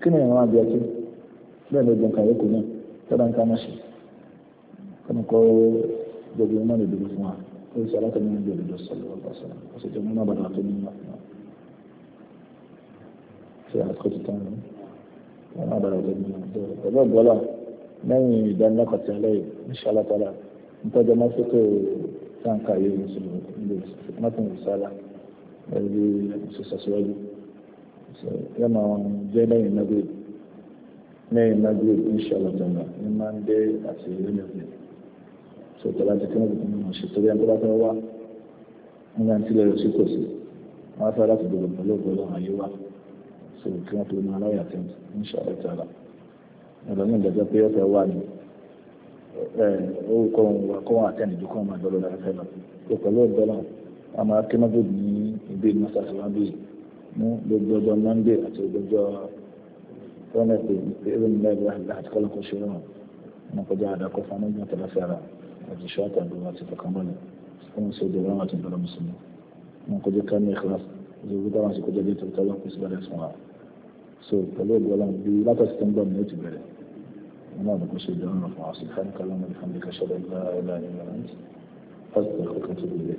kí ni ìran abiyá tí bẹ́ẹ̀ ni ogun kàwé kù náà tọ́lá ń ká má ṣe kọ́ni kọ́ gbogbo iná lè dúró fún wa ó sì alátẹ̀mí ní ìjọba sọ̀rọ̀ ọ̀pá sọ̀rọ̀ ó sì jẹ́ mú náà bàtà tó ní ìwà fún wa ṣe àkókò tán lẹ́yìn ìdánilẹ́kọ̀ọ́ tí a lẹ́yìn ní ṣàlàtàlà nítọ́jọ́ mọ́sókè táǹkà yìí ní mọ́tò ìsálà ẹ̀rí ìṣèṣàṣíwájú yóò máa jẹ́ lẹ́yìn nágbé lẹ́yìn nágbé inshallah tẹ̀lé ní máńdé àti lẹ́yìn tó tọ́lá ti kí wọ́n ti mọ̀ ṣe torí ẹni tó bá fẹ́ wá nígbà tí lè rẹ̀ sí kò sí wọ́n á fẹ́ láti gbọdọ̀ pẹ̀lú ògbọ́dọ̀ àyè wá so kí wọ́n tó máa láyà tẹ̀lé inshallah tẹ̀lé ẹ̀rọ ní ìgbàjọ́ pé ó fẹ́ wá ni orúkọ òun wà kó wọn àtẹnì ju kó wọn máa dọ́lọ́ lára fẹ́ lọ tó pẹ̀lú ọ̀dọ́là wọn máa ké mọ́tò ní ibi mọ́sáàsì wọn bí mú gbogbo ọjọ́ mọ́ndé àti gbogbo fọ́nẹ́tì ìrìn lẹ́gbẹ̀ẹ́ àgbà àti kọ́lọ́kọ́ ṣe wọn wọn kọjá àdàkọ́ fanájà tẹ̀lẹ́fẹ́ ara àti ṣọ́ọ̀tà ló wà ti kọ̀kan bọ́lẹ̀ wọn àti dọ̀rọ̀ so pẹ̀lú ọ̀dọ́là bí látọ̀ sí tẹ́ńbọ̀n ní ó وما بقصد أن في عاصي خانك اللهم بحمدك أشهد أن لا إله إلا أنت أستغفرك وأتوب إليك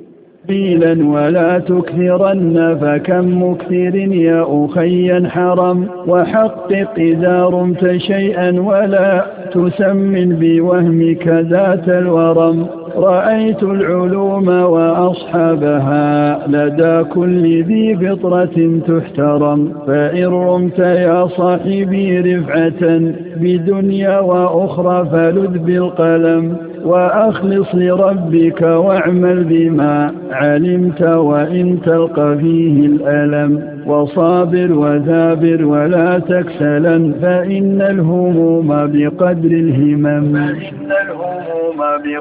قيلا ولا تكثرن فكم مكثر يا أخي حرم وحقق إذا رمت شيئا ولا تسمن بوهمك ذات الورم رأيت العلوم وأصحابها لدى كل ذي فطرة تحترم فإن رمت يا صاحبي رفعة بدنيا وأخرى فلذ بالقلم وأخلص لربك واعمل بما علمت وإن تلقى فيه الألم وصابر وذابر ولا تكسلا فإن الهموم بقدر الهمم فإن الهموم بقدر